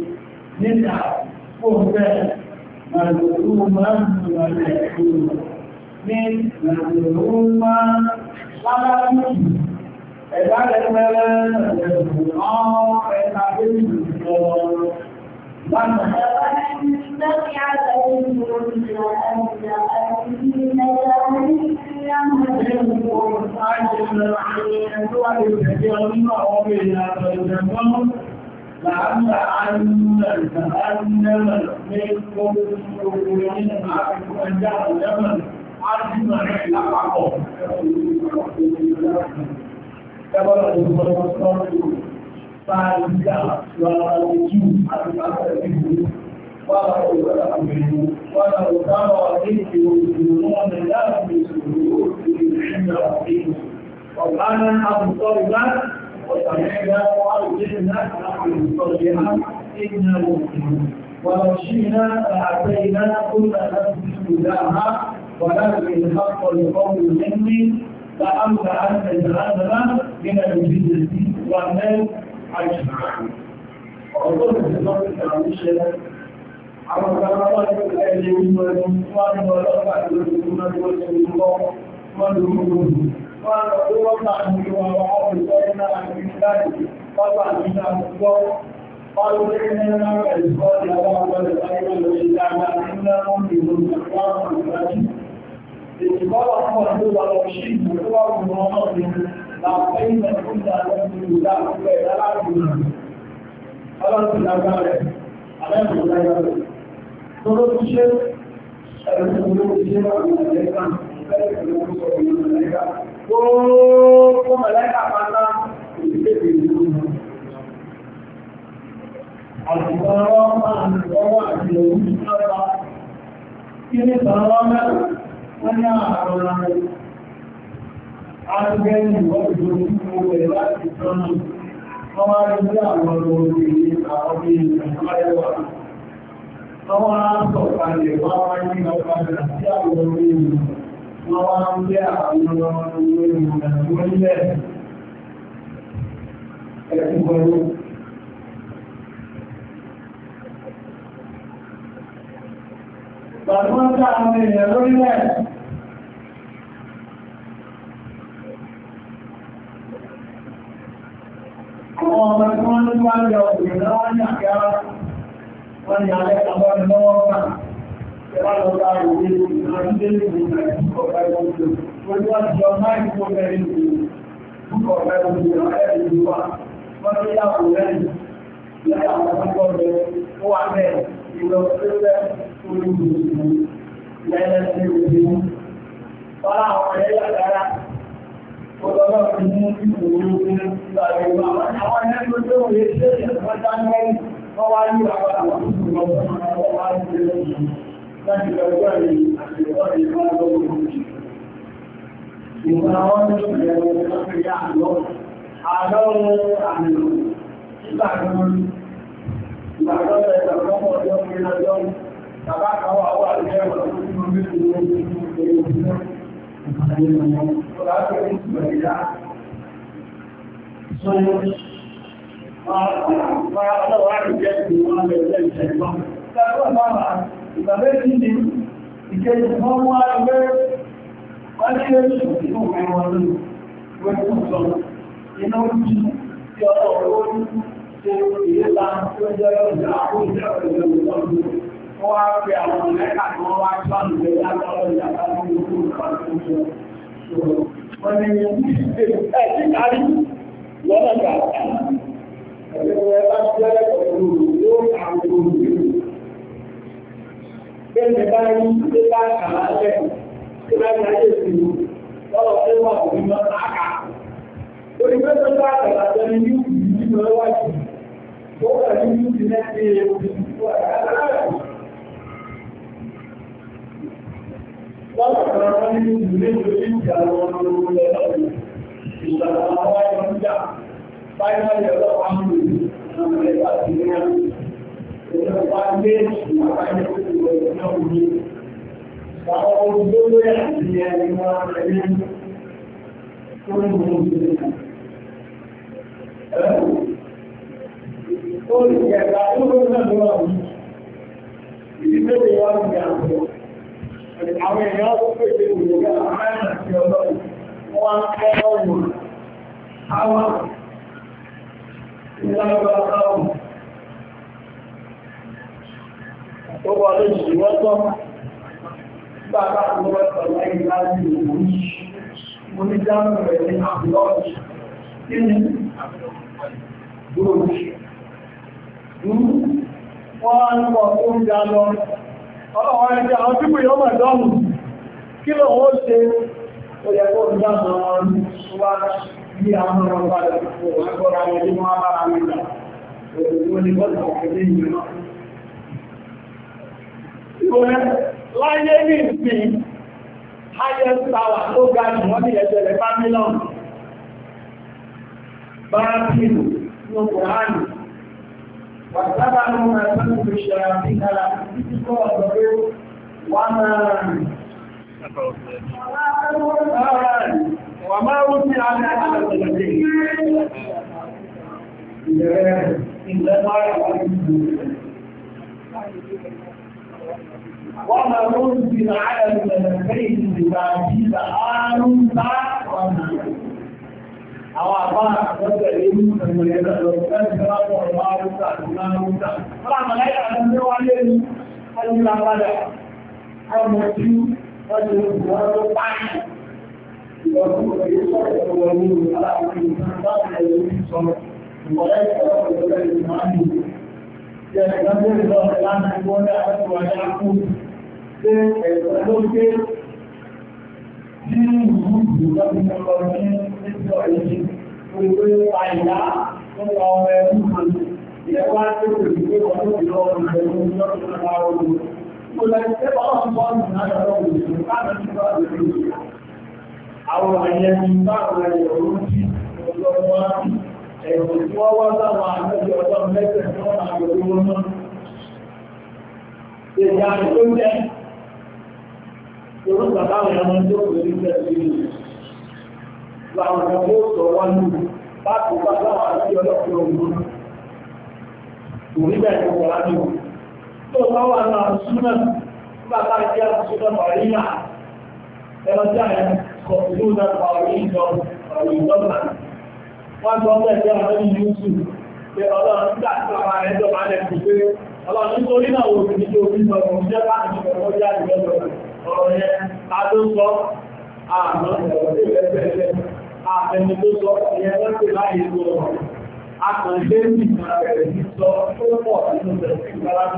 بدعة كهبة مذموما وملعونا من مذموما وملعونا ẹ̀dá ẹgbẹ̀rẹ̀ ẹ̀dùnmọ́ ẹ̀ka tó ń sọ lánàá. Ìjọba ń لعل أن جهنم منكم من جهنم أجمع لعقب Kepala Jumlah Rasul Panjang Suara Lucu Atas Atas Ibu Wala Uwala Aminu Wala Utama Ibu Jumlah Mendalam Suruh Ibu Indah Ibu Wala Abu Tawibah وسعيدا وأرجلنا نحن صالحا إنا مؤمنون ولو شئنا لأتينا كل نفس هداها ولكن حق لقول مني لأملأن جهنم من الجنة والناس أجمعين. وقلت لله تعالى àwọn ọ̀gbọ̀n ẹgbẹ̀rẹ̀ ìwọ̀n ìwọ̀n ìwọ̀n ìwọ̀n ìwọ̀n ìwọ̀n ìwọ̀n قال ربنا عني وعرض بيننا عن الإسلام قطع من الكفر قالوا إننا الإسلام الله والخير الذي تعملنا منهم أقوام الفاتحة اتبارك محمود الرشيد وقوى المناصر لعقين كنا نبدو لا أكبر لا أعلم خلاص الأجابة على الأجابة صدق الشيخ الرسول الشيخ من الأجابة gbogbo mọ̀lẹ́kà pátá ìgbésẹ̀ ìlú. Àtìkọ̀ọ́rọ́ máa ń lọ́wọ́ àti òun lọ́wọ́. Kí ní sọ̀rọ̀ mẹ́rin wọ́n ní àrùn rẹ̀. Arúgbẹ́ni wọ́n ti dojú owó ẹ̀ láti sọ́nà. Wọ́n máa ń gbé àwọn ọmọ obìnrin àwọn bí ìgbàláyẹ̀wà. Wọ́n máa ń sọ̀kalẹ̀ wá wáyé ọ̀padà sí àwọn obìnrin wọ́n wá ń lé àwọn ìrìnà tó ń lẹ̀ ẹ̀kúgbọ́rú. Bàbá ń ká àwọn èèyàn lórílẹ̀ Àwọn ọmọ tí wọ́n ń wá ń jẹ ọkùnrin lọ́wọ́ ní àkẹ́rọ, wọ́n ni alẹ́ àwọn ọmọ lọ́wọ́ náà wá lọ bá òwe ìrọ̀lẹ́ ìlú ọ̀pá ìwọ̀n tó wọ́n jọ máa ń kó mẹ́rin ìlú ọ̀pá ìwọ̀n tó wọ́n ẹ̀rù ìlú wa wọ́n tó yà wò lẹ́yìn lẹ́yìn àwọn akọ́kọ́ rẹ̀ ó wà bẹ́ẹ̀ ìlọ sílẹ̀ olùdó ìlú lẹ́yìn sí ìlú wọ́n àwọn ọ̀rẹ́ yà dára Ọlọ́rọ̀ ti mú ìwòrò fún ìgbàlẹ̀ ìwà. Àwọn ẹ̀yẹ́ tó tó wòye ṣe ìfọ́ta mẹ́rin, wọ́n wá ní àwọn láti gbàgbọ́ àyè àṣìkọ́ ìfọ́n lọ́wọ́ òjì. Ìgbà wọn ní ìrẹ̀wò láfíyà àlọ́, àlọ́ àmì nígbà kan ìgbà kan ẹ̀ka fọ́mọ̀ ọjọ́ pé lọ́jọ́ bàbá kan wà wà ní ẹ̀rọ tó ti mọ bí kúrò ní ìgbèrè ìgbà méjì ni ìkejì wọ́n wá ẹgbẹ́ wọ́n ní èṣù inú mẹ́rin wọn lónìí wọ́n tún sọ iná ojú tí ọ̀rọ̀ orí ṣe ìrẹ́ta tó jẹ́ ọjà àkójẹ́ ọ̀rẹ́ ìwọ̀n wọ́n wá pé àwọn ọ̀lẹ́kà tí wọ́n wá gbọ́nù lé látọ̀rọ̀ ìjàmbá tó ń kú nǹkan tó ń sọ wọ́n ní ẹ̀ tí kárí lọ́nà gbà ẹgbẹ́ wọn bá jẹ́ ọ̀rọ̀ yóò àwọn olùgbé bẹ́ẹ̀ bá rí ilé bá kàlá lẹ̀ tí bá rí ayé ìlú lọ́wọ́ tó wà òbí mọ́ àkà. Orí pé tó bá kàlá lọ ní yúù yìí lọ wájú. Ó wà ní yúù ti lẹ́sẹ̀ òbí wà lára. Lọ́wọ́ kan wọ́n ní yúù lé lórí ìjà wọn lọ́wọ́ lọ́wọ́. Ìgbà àwọn wáyé ń jà. Báyọ̀ lọ́wọ́ àwọn olùdókòwò Àwọn èèyàn tó pèsè ìròyìn àwọn ẹ̀rìn àti ọlọ́run, wọ́n ń kọ́ ọ̀rùn, àwọn ìlànà ọ̀rùn. tó wà lójì wọ́tọ́ bàbá àtúwọ́tọ̀ lẹ́yìn láti ìlú mo ní dáhùn rẹ̀ ní àbúlọ́ọ̀tì kí ni gbòòrò wọ́n ń pọ̀ tó ń ga ọlọ́wọ́ ẹgbẹ́ àwọn tí kò yọ́ mọ̀ dánù kí lọ ṣe ó yẹ láyé ní ìsìn highest power tó ga jù wọ́n ní ẹ̀ṣẹ̀lẹ̀ Babylon báàbílù ní Kùránì wàtábà ní ọmọ ẹ̀sán ìgbésẹ̀ àti ìkàlà títí kọ́ ọ̀dọ̀ pé wọ́n máa rìn وما أنزل على الملكين ببابيل هارون وماروت àwọn àbá àtọ́jẹ̀ ìlú ìrìnlẹ̀ ìrọ̀lọ́ ìrọ̀lọ́ ọ̀rọ̀ àrúta ìrọ̀lọ́ta. na láìka ló ní wáyé ní ọdúnlá padà, ọmọ tí ọdún ìwọ̀n ló páyì. Ìwọ̀n tó kọ̀ọ̀yẹ́ sọ̀rọ̀ ìwọ̀n ní aláwọ̀ ìgbà láti pé ẹ̀sọ̀ ló gbé bí ìlú ìlú ọmọ ẹrú kan ilẹ̀ wá tó kò sí pé wọ́n tó lọ ọmọ ẹrú lọ́dún náà ọdún mo lọ sí pé ọlọ́run bọ́ ọdún náà lọ́wọ́ òṣèlú káàmì tí wọ́n lè lò àwọn àyẹ̀mí báwọn ẹ̀yẹ̀ orúkí ọjọ́ wọn ẹ̀rọ tí wọ́n wá Yorùbá bàbá àwọn ọmọ tó kò ní tẹ̀lé ìlú. Làwọn ọmọ tó sọ wá lù láti bá láwọn àti ọlọ́pàá òun. Kò ní bẹ̀rẹ̀ kò wá lù. Tó bá wà náà súnmọ́ bàbá ìdí àtúnṣe pàrí náà. Ẹ̀rọ tí àyẹ̀ kọ̀ ìlú náà pàrí ìjọ pàrí ìjọba. Wọ́n gbọ́ bẹ́ẹ̀ bí àwọn ẹni Yúsù pé ọlọ́run nígbà tí bàbá rẹ̀ jọba rẹ̀ kù pé ọlọ́run nítorí náà wo ti ní kí omi sọ̀rọ̀ jẹ́ láti ṣọ̀rọ̀ jáde lọ́dọ̀ rẹ̀ ọ̀rọ̀ yẹn àmọ́ ìrẹ̀lẹ́gbẹ̀rẹ̀ tó kúrò àwọn ìgbìmọ̀ ọ̀rọ̀ ní ẹ̀rọ ọ̀sẹ̀ ẹ̀rọ ìgbọ̀dẹ̀ láti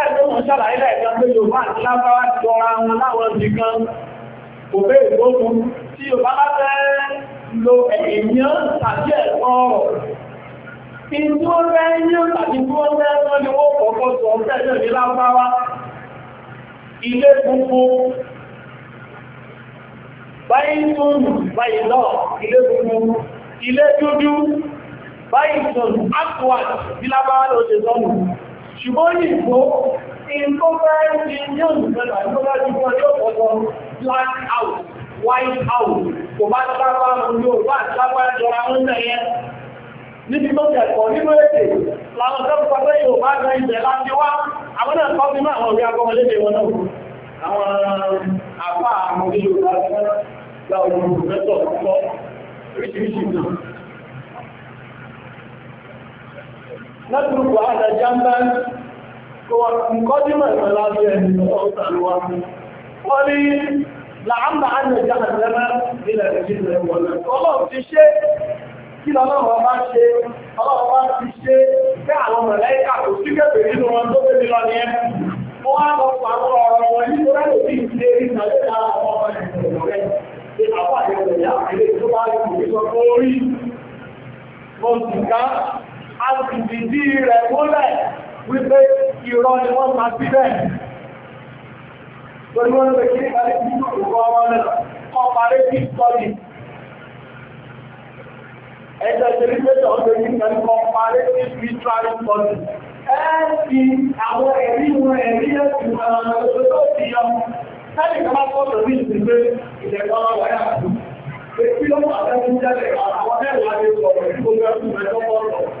ẹgbẹ́ mọ̀ ṣàlàyé ẹ̀kan pé Yorùbá àti lábáwá ti jọra wọn láwọn ibi kan kò bẹ́ ìgbógun tí Yorùbá lábẹ́ lo èèyàn tàbí ẹ̀kọ́ Ìjú ọ̀rẹ́ yíò tàbí tí wọ́n rẹ́ ẹ̀kọ́ ni wọ́n kọ̀ọ̀kọ́ sọ ọ̀fẹ́ ní lábáwá. Ilé funfun, báyìí tó nù báyìí lọ, ilé funfun, ilé dúdú, báyìí tó nù, ápùwà, ìlábáwá ló ṣe sọ́nù ṣùgbọ́n yìnbó in tó fẹ́ ní ní òmìnira tó lọ́jú fún ọjọ́ ọ̀pọ̀ black out white out kò bá sábà orí òbá sábà jọra ń tẹ̀yẹ níbi tó tẹ̀kọ̀ nínú èdè láwọn tó sọ pé yóò bá gan ibẹ̀ láti wá àwọn náà kọ́ nínú àwọn orí agbọmọlédè wọn náà àwọn àfáà àwọn orí Yorùbá fún láwọn olùgbẹ́sọ̀ kọ́ oríṣiríṣi náà نترك هذا جنبا مقدما ولا بأن ولي لعم أن جهنم إلى الجنة والناس والله في شيء kí lọ́lọ́wọ́ bá ṣe ọlọ́wọ́ bá ti ṣe pé àwọn mẹ̀lẹ́kà kò sí kẹ́bẹ̀ nínú wọn tó bẹ́ lọ ní ẹ́ wọ́n á lọ pa àwọn ọ̀rọ̀ wọn ní ọ̀rẹ́ ló bí ṣe àwọn ọmọ ìṣẹ̀lẹ̀ rẹ̀ ṣe àwọn àyẹ̀wò ìyá àkẹ́lẹ́ tó bá rí kò a sì fìdí rẹ̀ múlẹ̀ wípé irọ́ ni wọ́n máa ti bẹ́ẹ̀. Torí wọ́n lè kí ìpàdé tí kò kọ́ ọmọ náà, kọ́ parí tí sọ́lì. Ẹjọ́ ìṣẹ́lẹ̀ pẹ́jọ́ ọdún yìí kan kọ́ parí tí fi tráì sọ́lì. Ẹ fi àwọn ẹ̀rí wọn ẹ̀rí ẹ̀sìn máa ń lọ tó ti yọ. Sẹ́lẹ̀ kan bá sọ́tọ̀ ní ìsinmi ìjẹ̀kọ́ ọ̀rọ̀ ẹ̀ àdúgbò. Èyí ló wà lẹ́nu jẹ́lẹ̀ àwọn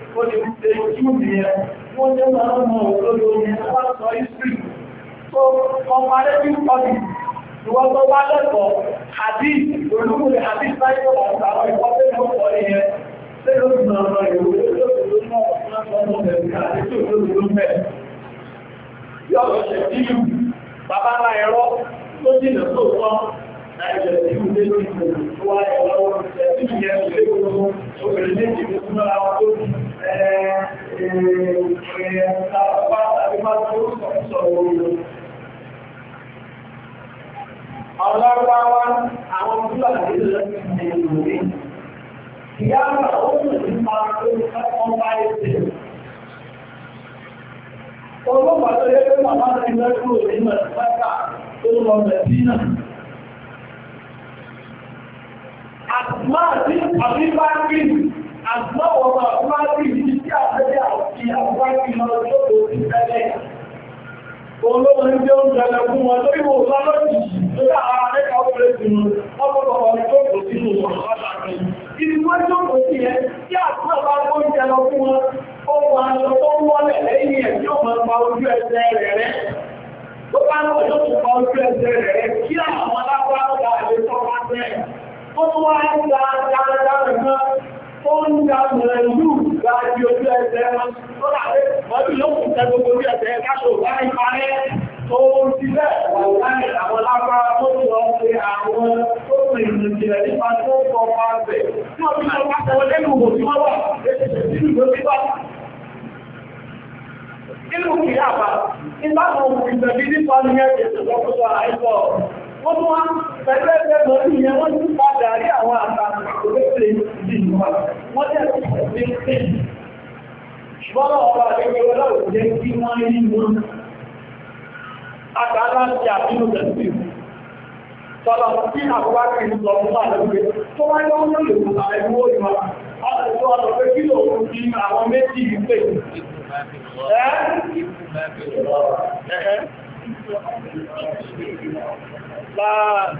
ó lè ṣe ojú ìyẹn wọ́n jẹ́ máa ń mọ̀ olóòrò ìyẹn wá sọ ìsìn tó comparative study ìwọ́n tó bá lẹ́kọ̀ọ́ àbí olúmúlẹ̀ àbí sáyẹ́ ọ̀sàwọn ìwọ́pẹ́ lọ́pọ̀ ìyẹn tẹ́lẹ̀ ó ti máa rọ ìwòrò olóòrò náà Ọlọ́pàá àwọn ọdún àti ìlọ́pìnà ìlúrí. Ìyá àwọn ọdún nípa ọdún bá ẹ̀sẹ̀. Ọlọ́pàá tó yẹ́ pé màmá ti lọ́pìnà ìlúrí mẹ́ta tó lọ mẹ́ta. àbí bá rí àgbọ̀wọ̀ ojú ẹsẹ̀ rẹ̀ rẹ̀. Tó bá lọ́wọ́ yóò tún pa ó tún wá ń gba dáradára náà ó ń gba mẹ̀lú gbájú ojú ẹsẹ̀ wọn tó láwé ọdún yóò kù tẹ gbogbo orí ẹsẹ̀ káṣọ láì parẹ́ tó ti bẹ́ẹ̀ wà láì àwọn lágbára tó ti wọ́n pé àwọn tó pè ní ìjìnlẹ̀ nípa tó kọ pa bẹ̀ tí wọ́n fi máa wá tẹ̀wọ́ lẹ́nu òwò tí wọ́n wà ìlú kìí àbá nígbà tó ń ìgbẹ̀bí nípa ní ẹ̀jẹ̀ tó lọ́kọ́ wọ́n tún wá pẹ̀lú ẹgbẹ́ mọ́ sí ìyẹn wọ́n tún padà rí àwọn àgbà òkèèrè bí ìwà wọ́n jẹ́ ìpínlẹ̀ ìpínlẹ̀ ṣùgbọ́n ọba àgbẹ̀gbẹ̀ ọlọ́rọ̀ jẹ́ kí wọ́n rí wọn àgbàlá ti àbínú tẹ̀sí sọ́lá tí àkọ́bá kì í sọ fún àlọ́gbẹ̀ tó wáyé wọ́n lè lòkùn àwọn ẹgbẹ́ òyìnbá ọ̀sẹ̀ ọ̀sẹ̀ pé kí lòun fi àwọn méjì ìpè ẹ́ لا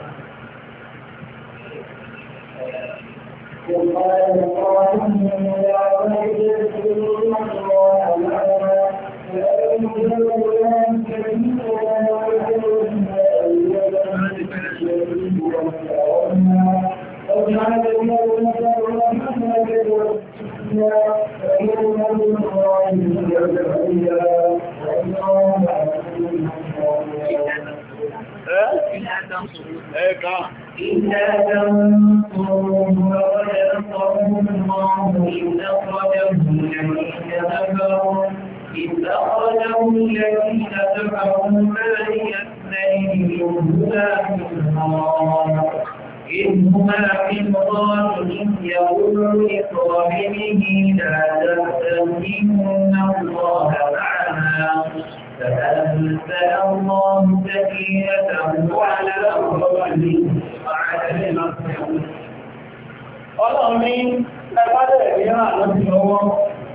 Thank you. إلا تنصروه إلا تنصروه وينصره الله إذ أخرجه الذين كفروا إذ أخرجه الذين كفروا ثاني هما في الغار إذ في الغار يقول لصاحبه لا تحزن إن الله معنا فأنزل الله سكينته على رسوله وعلى المسلمين Ọlọ́run ní ẹgbádẹ̀ ìrìnà lọ́sí ọwọ́,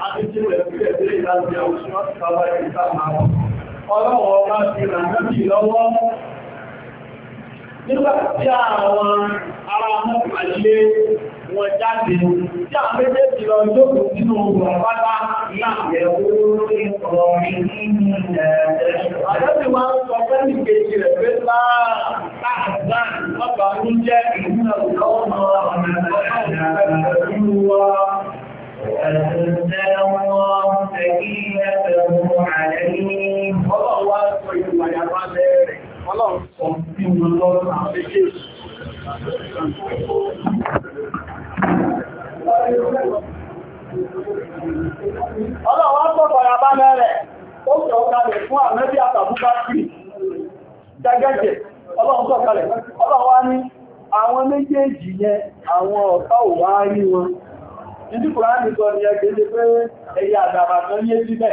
a ti tí rẹ̀ fílẹ̀ sílẹ̀ láti ọ̀ṣọ́ ìpàbáyé ìsáàmà. Ọlọ́run ọba ti rà náà lọ́wọ́ nígbà tí àwọn ará mọ́kànlé wọn jáde tí a méjì ti lọ lókù nínú ogun àpáta láàrẹ̀ orí ọ̀rin nínú ẹ̀ẹ́dẹ̀. àjọ́sí máa ń sọ fẹ́ nìkejì rẹ̀ pé láàrín ọgbà ní jẹ́ ìrìnà ọ̀nà ọ̀nà ọ̀nà ọlọ́run fún bí ya bá mẹ́rẹ̀ ó sọ kalẹ̀ fún àmẹ́bí àtàbúgbà sí jẹ́gẹ́jẹ́ ọlọ́run sọ kalẹ̀ a ní àwọn méjèèjì yẹn àwọn ọ̀tá ò rí wọn Ìdí Kùránì sọ ni ẹgbẹ́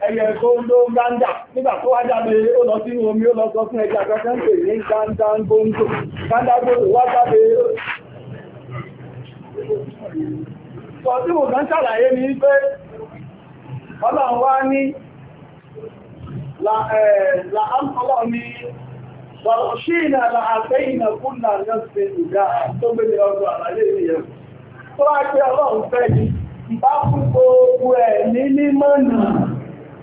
ẹyẹ tó ń ló gbáńdà nígbà tó wá jáde ó lọ sínú omi ó lọ sọ fún ẹja kẹ́kẹ́ ń pè ní gbáńdà gbóńgbò gbáńdà gbóńgbò wá jáde sọ tí mo kàn ní pé ọlọ́run wá ní ní tó àlàyé ìyẹn tó wá pé ọlọ́run fẹ́ ní fún gbogbo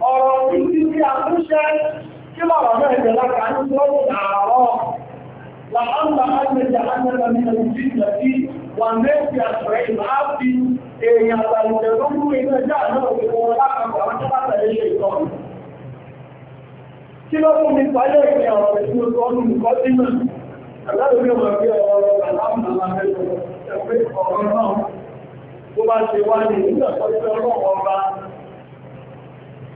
ọ̀rọ̀ tí a ń ṣẹ́ kí lọ́rọ̀ náà jẹ́ lára ní lọ́wọ́ àárọ̀ làbámbà ágbèjà ágbèjà ní ẹ̀rùjí ìlẹ̀bí wà mẹ́sì àṣẹ ìmáàfi èèyàn àtàlùjẹ̀ ló mú inú ẹjọ́ àná òkèwọ́ lápapọ̀ àwọn ọ̀rọ̀ ìṣú ọdún nìkọ́ sínú àgbàdo ọ̀rọ̀ náà tó bá ṣe wá ní ìgbà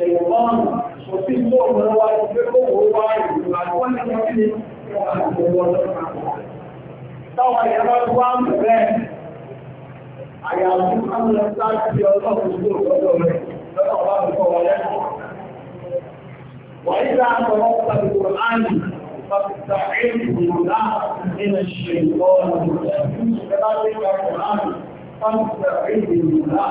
ṣẹ̀yọ̀mọ́n kò sí mú ọmọ wa ìgbé kòwò wá ìlú àwọn ìlú ní Táwọn ìyàmọ́ wá ń bẹ̀rẹ̀ àyàwó amúlọ́sá ti ọlọ́run tó lọ́dọ̀ rẹ̀ lọ́dọ̀ wá ń kọ́ wọlé. وإذا تركت القرآن فاستعذ بالله من الشيطان الرجيم كذلك القرآن فاستعذ بالله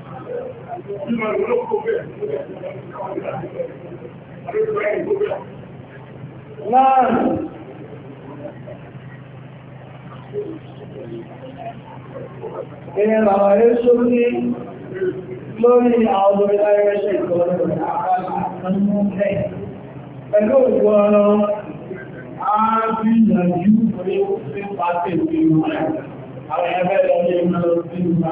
Láàrín ẹ̀rọ ẹ̀ṣọ́ ní lórí àwọn ọmọ ẹ̀ṣẹ́ ìkọlẹ̀ pẹ̀lú ògbọ́ ọ̀rọ̀ ààbìyànjú orí ó fi pàtẹ̀ ìrìn àwọn ẹgbẹ́ lọ ní ìmọ̀ lọ sí ìmọ̀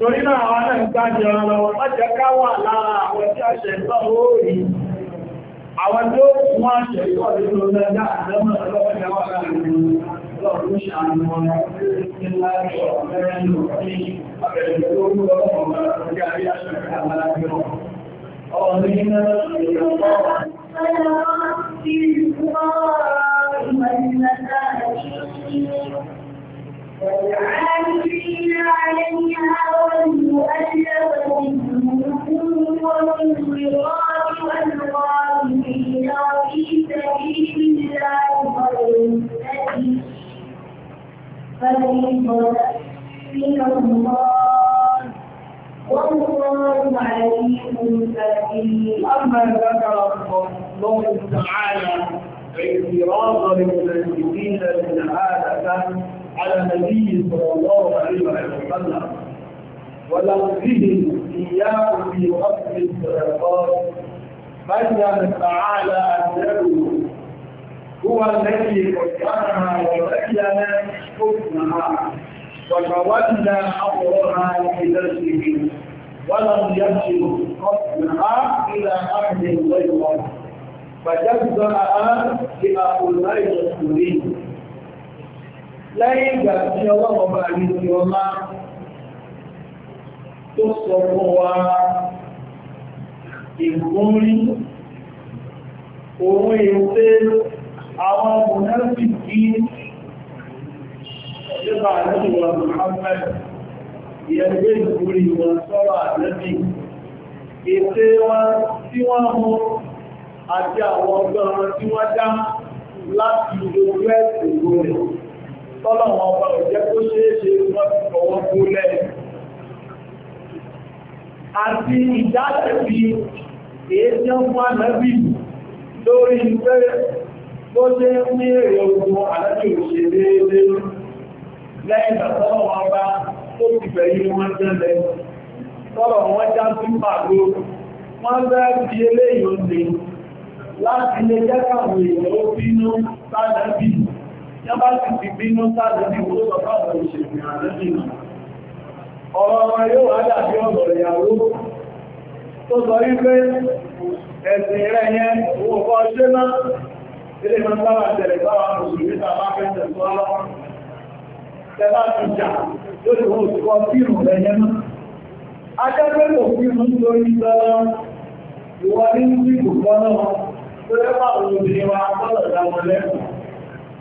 torí náà àwọn náà ń gbájẹ ọ̀rọ̀ lọ́wọ́ ọjọ́ ká lára àwọn tí àṣẹ ìtọ́ orí àwọn tó mọ́ àṣẹ ìtọ́ nínú lọ́dá àdẹ́mọ̀ ọlọ́pẹ̀lẹ́ wà láàrin ọlọ́run ṣàánú wọn ní láàrin ọ̀rẹ́ ìlú ní ọ̀rẹ́ ìlú ọmọ ọjọ́ àrí àṣẹ ìtọ́ ọ̀rìn náà والعاملين عليها والمؤلفة منهم وفي الرقاب والغافلين في سبيل الله والمستقيم فريضة من الله والله عليم حكيم أما ذكر الله تعالى اعتراض للمنافقين من هذا على النبي صلى الله عليه وسلم ولو به إياه في وقت الصدقات بين تعالى أنه هو الذي قدرها وبين حكمها وتولى أمرها بنفسه ولم يمشي قصدها إلى أحد غيره فجزأها إلى أولئك المسلمين lẹ́yìn ìgbà tí ọlọ́wọ́ bá rí ti ọlá tó sọ fún wa ìgbónrí òun èdè àwọn mọ̀lẹ́sì kí nípa àlẹ́sìwà Muhammad ìyẹ̀gbé ìgbórí wọn sọ́rọ̀ àlẹ́sì èdè wọn tí wọ́n mú àti àwọn ọgbọ́n tí wọ́n dá láti ìjọ rẹ̀ tọ́lọ̀ wọn bá ò jẹ́ kó ṣeé ṣe wọ́n ti fọwọ́ gúnlẹ̀ àti ìdálẹ́bí èéjì ọmọ ànábì lórí pé tó ṣe ní èrè ogun ànábì òṣè déédé lẹ́yìn tọ́lọ̀ wọn bá tó ti fẹ̀yí wọn jẹ́lẹ̀ tọ́lọ̀ wọn já sí pàdó wọ́n bẹ́ fi eléyìí láti lè jẹ́ káwọn èèyàn ó bínú sáàdábì Yábá ti fi bínú sáàdì ní olóòtọ́ fáwọn ìṣẹ̀lẹ̀ àdẹ́bìnà. Ọ̀rọ̀ ọmọ yóò wá dàbí ọ̀rọ̀ ìyàwó tó sọ wípé ẹ̀sìn rẹ̀ yẹn owó kọ́ ṣe náà, ilé máa sára tẹ̀lẹ̀ sára mùsùlùmí tàbá fẹ́ tẹ̀sọ́ lọ́wọ́. Tẹ́lá ti jà lórí owó ti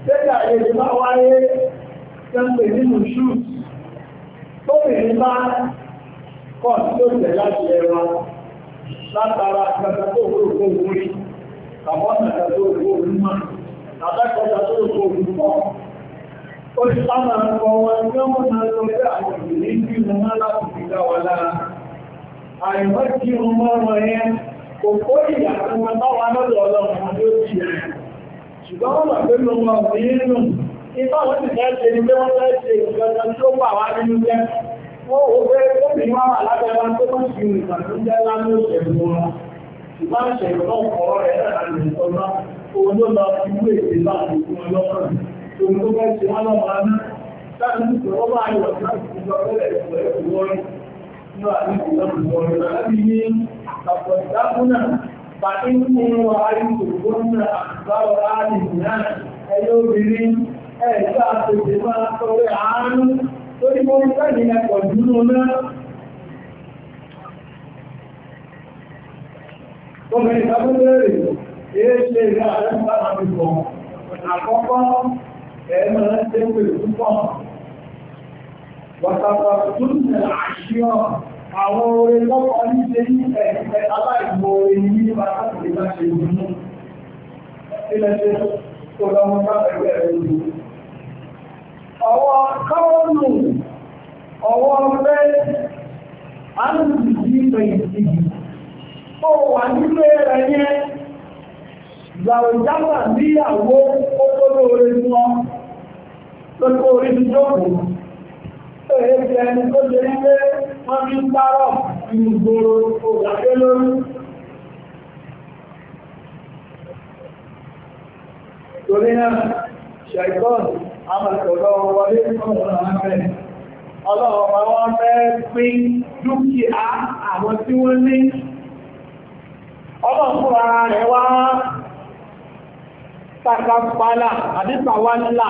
Tẹ́jà èdè bá wáyé tẹ́m̀pẹ̀ nínú ṣùt tó bèèrè bá kọ̀ tó tẹ̀ láti ẹra látara kẹta tó wúrò kó wúrí, àbọ́nà kẹta tó wúrò mímọ̀, àbẹ́kọta tó wúrò púpọ̀. Ó ti sá máa ń kọ wọn tí ó mọ́nà lọ pé àwọn ìrìn kí mo máa láti fi dá wa lára. Àìmọ́ kí mo mọ́ wọn yẹn, kò kó ìyà tó bá wa lọ́dọ̀ ọlọ́run ó ti rẹ̀ ṣùgbọ́n wọ́n ṣe ni pé wọ́n fẹ́ ṣe ìjọba tí ó pà nínú jẹ́ wọ́n ò pé tóbi wọ́n lábẹ́ wa tó wọ́n fi nǹkan tó jẹ́ lánà òṣèlú wọn ṣùgbọ́n náà kọ́ rẹ̀ láàrin ìtọ́ná òun ló lọ sí ilé ìdè láti fún ọ tó fẹ́ ṣe wọ́n lọ́mọ aná láti fi ọwọ́ bá láti fi fẹ́lẹ̀ ìfọ̀ ẹ̀kọ́ wọ́n ní wà ní فإنه رأيت كن أكبر آل الناس ẹlóbìnrin ẹ̀ẹ́sà tètè máa sọ̀rọ̀ àánú tó ní mọ́ ìpẹ́lẹ̀ ẹ̀kọ̀ dúró náà Ọmọ ìsàbúlẹ̀rẹ̀ èé ṣe ìrìn àrẹ́ ń bá àmì pọ̀. Àkọ́kọ́ ẹ̀mọ̀ ẹ̀ṣẹ́ pẹ̀lú pọ̀. Wàtàkọ̀ tún ní àṣíọ́ àwọn orin lọ́pọ̀ ní ṣe ní ẹ̀ẹ̀kẹ́ aláìmọ̀ orin ní bàtàkì ìbáṣe ìgbìmọ̀ ilẹ̀ ṣe tó lọ́wọ́ ó wà nílé rẹ̀ yẹn gbàrùjáfà níyàwó ó tó lóore fún ọ lọ́pọ̀ orin fẹ̀rẹ̀ jẹ ẹni tó lè rí pé wọ́n fi ń párọ̀ ìgbòrò òdàgbé lórí. Torí náà, ṣàìkọ́n, a máa tọ̀lọ́ wọlé Ọlọ́run máa wọ́n fẹ́ pín dúkìá àwọn tí wọ́n ní. Ọlọ́run fún ara rẹ̀ wá tàkàpálà àdípàwálà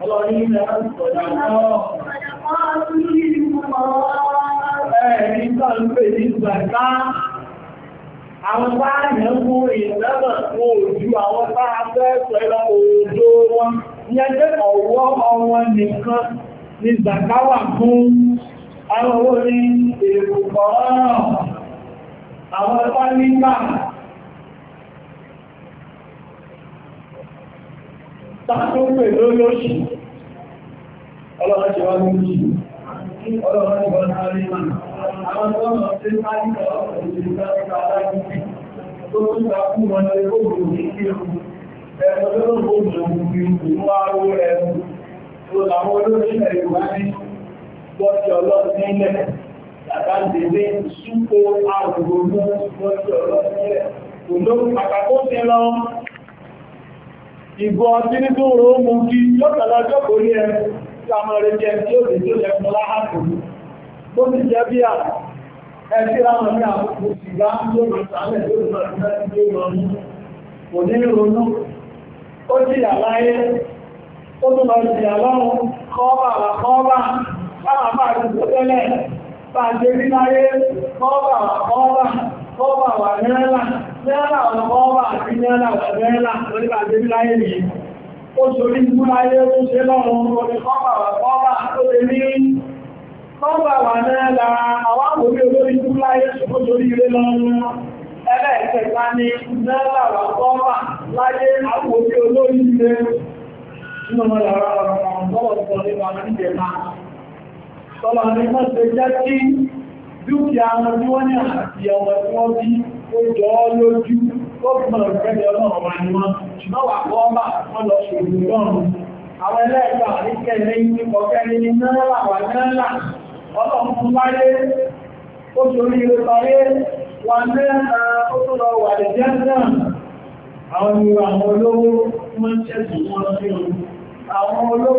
ọlọ́rin àwọn báyìí ń mú ìlẹ́bẹ̀ fún ojú àwọn báyìí pẹ̀lú òjò wọn yẹ́jẹ́ ọ̀wọ́ ọwọ́ nìkan ni zàkáwà fún àwọn orí èrò kọ̀ọ̀rọ̀ àwọn ọ̀pá tàbí lóyóṣì ọlọ́run ti wá ní ìjì ọlọ́run ti wá ní àwọn tó ọ̀nà tí ó ń bá ní ọ̀rọ̀ òṣèlú tó tún ta fún wọn lé gbogbo ní ìlú ẹ̀rọ tó ló gbogbo ní ìlú wá rú ẹ̀rù tó làwọn olóṣèlú ìgò ọtí ní tó rò ó mú kí yóò tẹ̀lọ ọjọ́ kò ní ẹ tí a mọ̀ rẹ̀ jẹ tí ó lè tó lẹ fún láhàtò bó ti jẹ́ bí à ẹ tí ra mọ̀ ní àkókò ìgbà tó rò sálẹ̀ tó rò sálẹ̀ tó rò mú kò ní ronú ó ti yà láyé ó tún lọ sí àlọ́run kọ́ọ́bà rí láyé kọ́ọ́bà wà kọ́ọ̀bà wà náírà náírà ọ̀nà kọ́ọ̀bà àti náírà wà náírà lórípa àjẹ́bí láyé nìyí ó sorí ìgbú láyé ó ṣe lọ́rùn orí kọ́ọ̀bà wà kọ́ọ̀bà tó lè ní kọ́ọ̀bà wà náírà àwọn àwòrí olórí ìgbú láyé ó sorí ilé lọ́rùn ẹlẹ́ẹ̀kẹta ni náírà wà kọ́ọ̀bà láyé àwòrí olórí ilé Tọ́lọ̀ ni mọ́ ṣe jẹ́ kí dúkìá wọn tí wọ́n ní àti ọmọ tí wọ́n bí ó jọ ọ́ lójú tó gbọ́n ìfẹ́lẹ̀ ọlọ́run wa ni wọ́n ṣùgbọ́n wà kọ́ bà wọ́n lọ ṣòro lọ́rùn àwọn ẹlẹ́ẹ̀kọ́ àríkẹ́lẹ́ ní kọ̀kẹ́lẹ́ ní náírà wà náírà ọlọ́run fún wáyé ó ṣorí ilé parí wà náírà ó tó lọ wà lè jẹ́ náà àwọn ìwà àwọn olówó wọ́n ṣẹ́sù wọn sí wọn àwọn olówó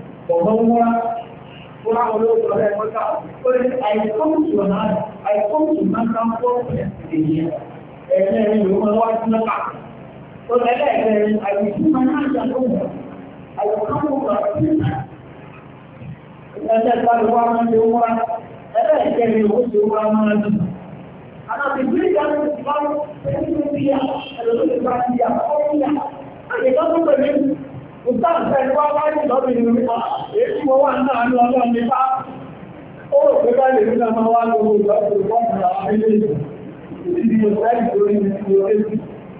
Bọ̀bọ̀n wá wá olóòtú ọ̀rẹ́ ẹ̀kọ́ta ó lè àìkọ́mù tó náà àìkọ́mù tó máa ń ká fọ́ ẹ̀yìn ẹ̀rẹ́rin ló máa wá sí lọ́pàá. Ó lẹ́lẹ́ ẹ̀rẹ́rin àìkú máa ń jà tó wù àìkọ́mù tó àti ẹ̀ẹ́dẹ́ ìpàdé wá máa ń lè wá ẹ̀rẹ́ ìkẹrin ó ti wá máa ń dùn. Àwọn àbẹ̀bí ìdáná ti bá ẹni ìtàǹfẹ́ ìwá wáyé lọ́bí nínú nípa èyí mọ́ wà náà ní ọlọ́ nípa ó rò pé bá lè nígbà máa wá lọ́wọ́ ìgbàgbọ́ ìwọ́nà ilé ìdí ìrẹ́lì lórí ìdí orí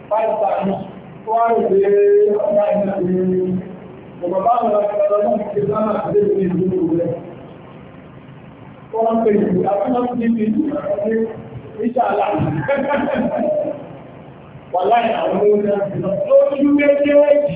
pàìpà náà tó wá rò pé ọgbà ìgbà ìrìn ọgbà bá wọn lọ sí ọlọ́run ti sá náà sí lè fi ìlú rẹ̀ wọ́n pè ní àtúnṣe ti fi ìṣàlá wà láì àwọn olóòrùn lórí méjèèjì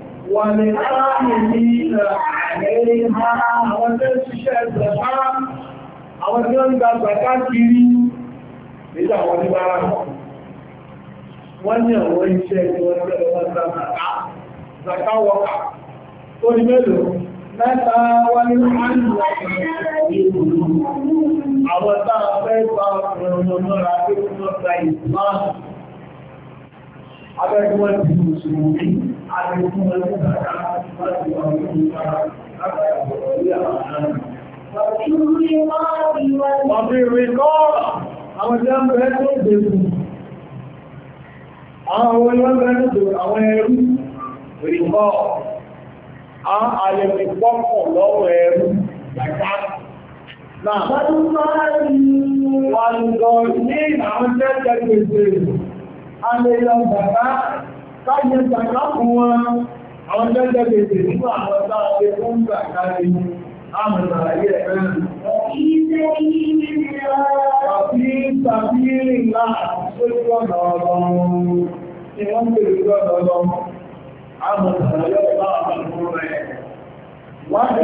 ولآمنين عليها وتشهد لها àwọn tí ó ń gba gbàká kiri nígbà wọn ní bára wọ́n ní àwọn iṣẹ́ tí wọ́n tẹ́lẹ̀ wọ́n gba gbàká gbàká wọ́ká tó ní mélòó mẹ́ta wọ́n ní àìyíwá àwọn táà fẹ́ gba ọ̀rọ̀ ọmọ mọ́ra pé wọ́n gba ìsìláàmù abẹ́gbọ́n ti mùsùlùmí adékún ẹgbẹ́ta láti ọdún ìgbàlá látàrí ọ̀rọ̀ àwọn àmì. Ọ̀bí ìrìnkọ́ àwọn ìjọba ẹgbẹ́ tó dẹ̀kù. Àwọn ìjọba ẹgbẹ́ tó dẹ̀kù àwọn ẹrú ìrìnkọ́. A àyẹ̀mì pọ́pọ̀ lọ́wọ́ ẹrú gbàgbá. Náà, wọ́n ń gọ́ ní àwọn jẹ́ alẹ́yọ gbàgbá káyẹ gbàgbá fún wọn àwọn jẹ́jẹ́ gbèsè nínú àwọn ọ̀tá ọ̀gbẹ́ tó ń gbà kárí àmàlà ayé ẹ̀rẹ́ Tàbí tàbí ńlá sójú ọ̀nà ọlọ́run tí wọ́n ń pèrè lọ́nà ọlọ́run, àmàlà ayé ọ̀tá àmàlà rẹ̀. Wọ́n ti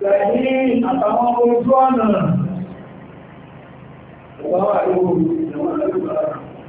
tẹ̀yìn àtàwọn ojú ọ̀nà. Ìwọ́n wà lóòrùn ìjọba lóòrùn.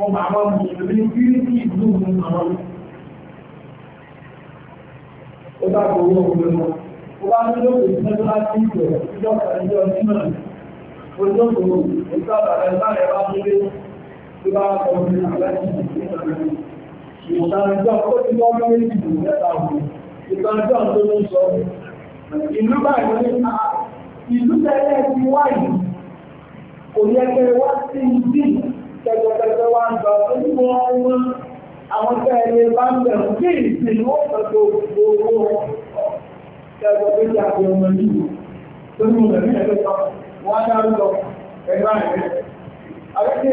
ọmọ àwọn mùsùlùmí gíríkì ìlú àwọn ó bá gbogbo òwe wọn ó bá ní lóògbé tí wọ́n bá ti ìjọ ìjọ ìjọ nínú ojú òkòrò ojú àbàrẹ láàrẹ bá nílé tó bá kọ ní àlẹ́sì ìtànàjọ́ ó ti lọ mọ́ méjì lù mẹ́ta òkú ìtànàjọ́ tó ló sọ ìlú báyìí ní ìlú tẹ́lẹ̀ ti wáyìí kò yẹ kẹ́ wá sí ìdí tẹ̀gbẹ̀tẹ̀gbẹ̀ wa ń gbà fún wọn wọn àwọn tẹ́lẹ̀ bá ń bẹ̀rù bí ìsinmi ó pẹ̀lú gbogbo wọn tẹ̀gbẹ̀tẹ̀ jà pé ọmọ yìí tó ní ọmọ yìí ẹgbẹ́ kan wọ́n á dárúkọ ẹgbẹ́ àìrẹ́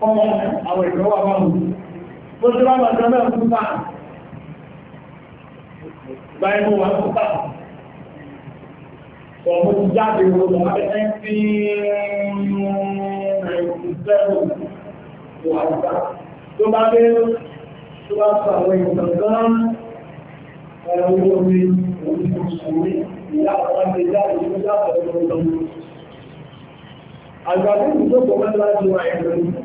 ọmọ àwọn ìjọ wà máa wù bó ṣe wá màjọ náà fún bá gba ẹnu wà fún bá ọmọ ti jáde wo lọ ẹgbẹ́ tí ẹ̀rọ wà gbà tó bá dé tó bá sọ àwọn ìtàn gan ẹ̀rọ orí orí oṣùwé ìyá àwọn ẹgbẹ́ jáde tó jáde lọ́wọ́ lọ́wọ́ àgbàdo ìdókòwò láti wà ẹ̀rọ ìdókòwò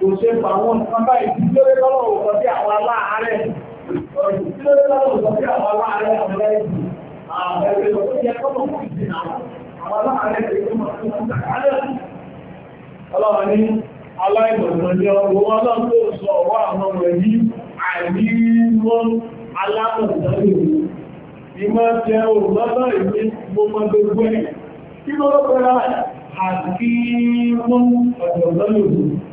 kò ṣe fà wọn nǹkan báyìí tí lórí lọ́wọ́ òkọ̀ sí àwọn aláàárẹ̀ tí lórí lọ́wọ́ òkọ̀ sí àwọn aláàárẹ̀ àwọn ẹ̀sìn àwọn ẹ̀sìn tó yẹ kọ́kọ́ fún ìsìn àwọn aláàárẹ̀ tó mọ̀ sí ọlọ́run ní aláìmọ̀tàn ní ọgbọ̀n àwọn ọmọ ìmọ̀ jẹ́ òmọ́lá ìwé gbogbo gbogbo ẹ̀ kí lọ́rọ̀ pẹ̀lá àti ìwọ̀n ọ̀dọ̀lọ́lọ́lọ́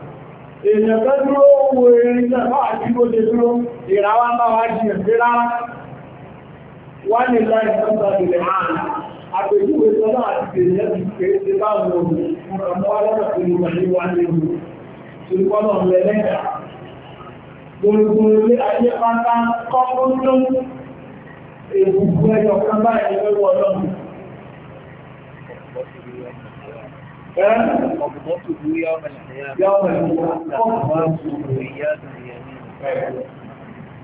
èèyàn tó dúró wo erin náà wà tí ó lè dúró ìràwá bá wá jìyàn sí rárá wà ní láì sọ́tọ̀ ilẹ̀ ààrùn àpèjúwe sọ́lá àti èèyàn ti kéré sí báwọn òun ọmọ ọlọ́pàá tó lè wà ní wà ní ìlú ṣùgbọ́nà lẹ́lẹ́dà gbogbo ilé kan báyìí lọ́wọ́ ọlọ́run قبضته يوم الحياة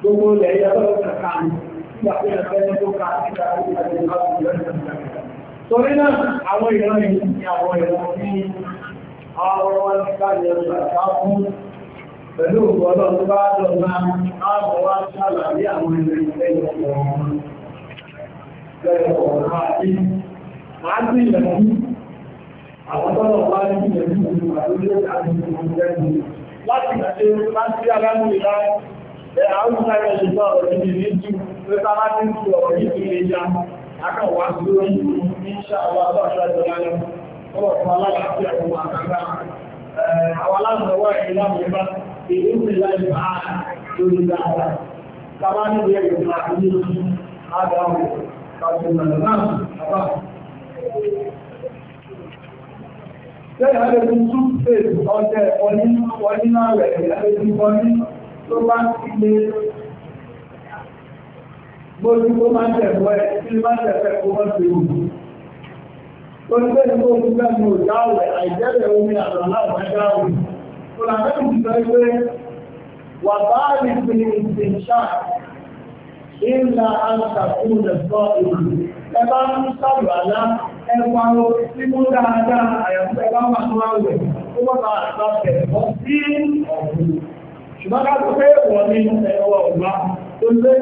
Gbogbo ilẹ̀ ìyàtọ̀ ìkàkà ní ìgbàkúrò ẹgbẹ́ tó ká nígbà tó ká ní ìgbàkúrò ẹgbẹ́ Torí náà, àwọn ìran ìlú ni àwọn ìran ní àwọn wọn ká lè ṣàkà fún pẹ̀lú ọ̀gọ́lọ́ tó bá dọ̀gbà àwọn wá ṣàlàyé àwọn ìrìn ìfẹ́ ìwọ̀n ọ̀rọ̀ àwọn tọ́lọ̀ wá ní ìyẹ̀dú ìlú àlórí ẹ̀dá ìlú ìjẹ́ni láti ìgbàṣẹ́ láti aláàmù ìlà ẹ̀ àwọn ìsáyẹ̀ ìjọ ọ̀rọ̀ ìdí ní jù pẹ́ta láti ń fi ọ̀rọ̀ yìí lè ya akọ̀wà lórí ìṣàwọ̀ àbáṣọ́ ìjọlálẹ̀ ọ̀rọ̀ fún aláàfíà fún àkàrà àwọn aláàmọ̀wà ìlànà ìbá èyí ń fi láì bá lórí dáadáa tàbá níbi ẹ̀yọ̀ máa ní àdáwọ̀ Lẹ́yìn alẹ́bí toothpaste ọjẹ́ ọ̀nínà rẹ̀ alẹ́bí bọ́ní tó bá ti lé gbójú tó máa tẹ̀kọ́ ẹ̀ tí máa tẹ̀kọ́ kó wọ́n ti rù. Olúgbé ní kó fún bẹ́ẹ̀ mo dáwẹ̀ àìjẹ́rẹ̀ omi àrọ̀ láwọn dáwẹ̀. Olàmẹ́kù ti sọ pé wà báàrí fi ìsìnṣà ìlà àǹtàkùn lẹ̀sọ́ ìlú. Ẹ bá ń sábà láti ẹwà lọ sí mú dáadáa àyàfẹ́ bá wà ní àwẹ̀ tó wọ́n bá àgbà tẹ̀kọ́ sí ọ̀gbìn. ṣùgbọ́n ká tó pé wọ́n ní ẹwà ọ̀gbà tó lé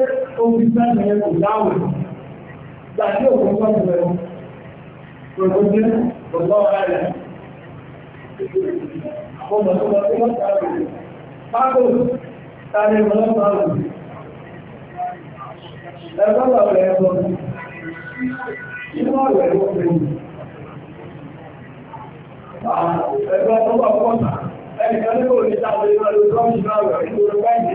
omi sẹ́nu yẹn kò dáwẹ̀. Gbàdí òkú tó ti rẹ̀ gbogbo inú ọ̀rẹ́ ló pè ní. Ẹgbẹ́ tó bá pọ̀tà, ẹnìkan ní kò ní sáré lọ ló tọ́ sí náà rẹ̀ ní orí báyìí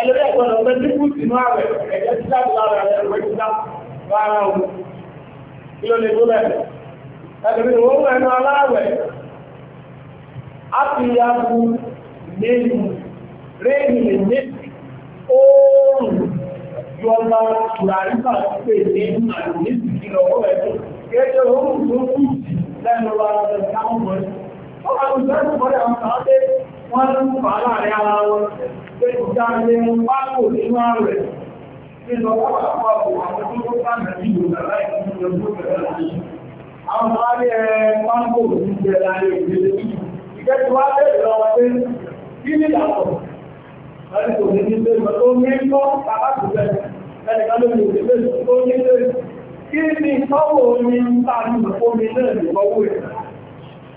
ẹlẹ́dẹ́ ìgbọ́dọ̀ pé dínkù sínú ààrẹ ẹ̀jẹ̀ tí láti lára rẹ̀ ìwé tí lára òun kí ló lè tó bẹ̀rẹ̀ ẹ̀dùnmí ìwọ́n mú ẹnu aláàwẹ̀ á fi ya bu nínú réèmì lè ní oòrùn yọba tùràrí pàṣípè ní àdùnmí ìsìnkí lọ́wọ́ ẹ̀ kéèké oòrùn tó kù lẹ́nu wa lọ́dọ̀ táwọn mọ̀ ọ́ wọ́n ń fà láàrin ara wọn pé ìjáde pápò nínú ààrẹ nínú ọ̀pọ̀lọpọ̀ àwọn tó tó bá nàbí ìgbòdà láì fún ọjọ́ bẹ̀rẹ̀ láti. Àwọn ààrẹ pápò ní jẹ láyé ìgbèlè ìjẹ́jú wá bẹ̀rẹ̀ lọ pé kí ní ìdàpọ̀ láti kò ní ní pé ìgbà tó ní ń kọ́ bàbá kò bẹ̀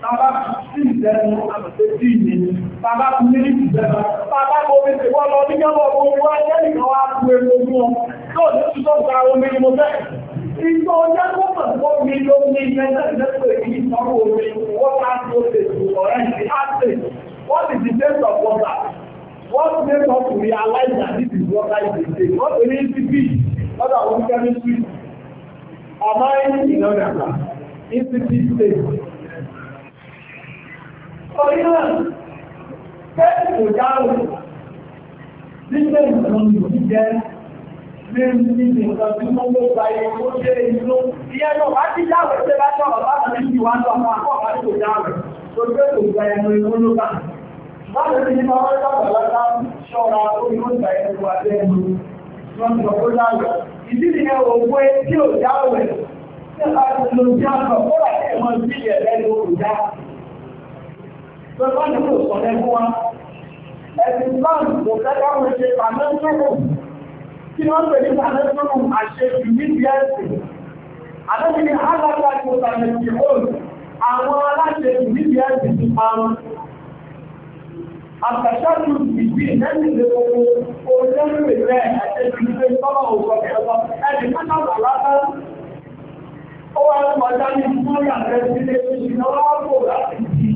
Bàbá sí ìdẹ́nu àmọ̀tẹ́sí ni, bàbá kú ní ìdẹ́nu, bàbá kú omi ti wọ́n lọ ní gẹ́gọ́ omi wá jẹ́ nìkan wá kú ewu ogun ọ, yóò ní ṣútọ́ gba omi ni mo fẹ́. Ìgbọ́ ọjọ́ tó mọ̀ tó mi ló ní ẹgbẹ́ ìdẹ́sọ̀ èyí sọ́rọ̀ omi, wọ́n bá tó lè sọ̀rọ̀ ẹ̀sì áṣẹ̀. What is the taste of water? What makes us realize that this is water is the taste? What will it be? What are we going to do? Am I in America? Is it this taste? Torí náà, kẹ́ẹ̀kì kò dáhùn nígbà ìlànà ìlú jẹ́ lórí nínú nǹkan tí wọ́n ló gba ewu ó jẹ́ inú. Ìyẹn náà bá ti dáhùn ṣe bá sọ̀rọ̀ bá kan níbi ìwà lọ àwọn àkọ́ àbá kò dáhùn. Torí pé kò gba ẹnu inú ló bá. Wọ́n lè ní ọmọ ẹgbẹ́ àgbàlagbà ṣọ́ra ó ní ó gba ẹnu wa lẹ́nu. Wọ́n Sọ́kọ́ ni kò sọ lẹ́gbọ́n wa. Ẹ̀sìn Islam kò kẹ́kọ̀ọ́ wọn ṣe pàmẹ́sọ́rọ̀. Kí wọ́n pè ní pàmẹ́sọ́rọ̀ àṣejù níbi ẹ̀sìn. Àdébí ni Ágbàgbà kò sàmì sí òòlù. Àwọn aláṣejù níbi ẹ̀sìn ti pa wọn. Àtàṣàtù ìbí lẹ́yìn lè gbogbo olórí rẹ̀ àṣejù níbi sọ́lọ̀ òkọ̀ kẹ́kọ̀ọ́. Ẹ̀sìn Ó wá ń pàdánù fún ìyàrá ìdílé ìṣúná wá kò láti di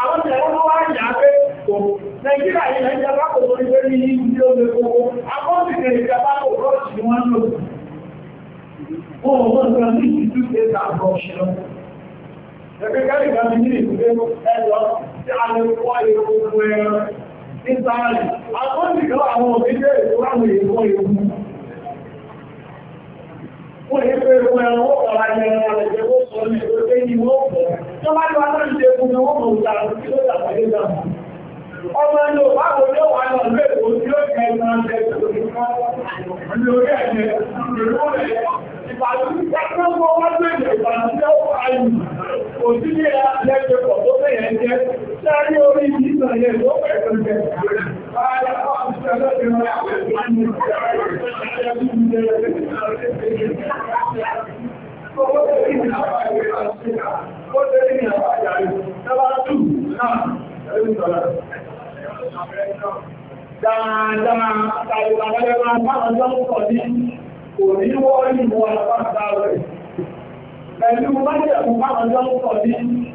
àwọn tẹ̀lé ló wá yà á pé kò nàìjíríà yìí nàìjíríà bá kò lórí pé ní ilé omi gbogbo akọ́sìnkè ìjọba kò rọ́ọ̀sì ni wọ́n lò wọ́n wọ́n nǹkan ní ìtú ṣe ta àbọ̀ṣì lọ ẹgbẹ́ kárí ìgbà mi ní ìdílé ẹ lọ sí alẹ́ wọ́ egungun ẹran ní sáàlì akọ́sìnkè àwọn òbí jẹ́ ìtura àwọn èèyàn egungun wọ́n yẹ pé ohun ní ẹran rẹ̀ lé òun ó jẹ ẹran jẹ ní ẹ̀jẹ̀ Láàrí orí ìgbìmọ̀ ilẹ̀ ìwọ́n pẹ̀lú Dáadáa, tàbí bàbá ẹgbẹ́ máa ń bá ọjọ́ pọ̀ ní òníwọ́ ìwọ̀n àpáta rẹ̀. Pẹ̀lú májẹ̀kùn máa ọjọ́ pọ̀ ní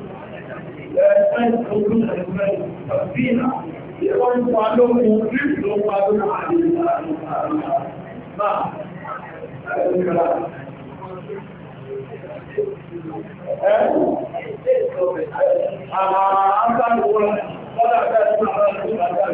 Àwọn àgbàgbò wọn, wọ́n dàgbà ìgbàgbà ìgbàgbà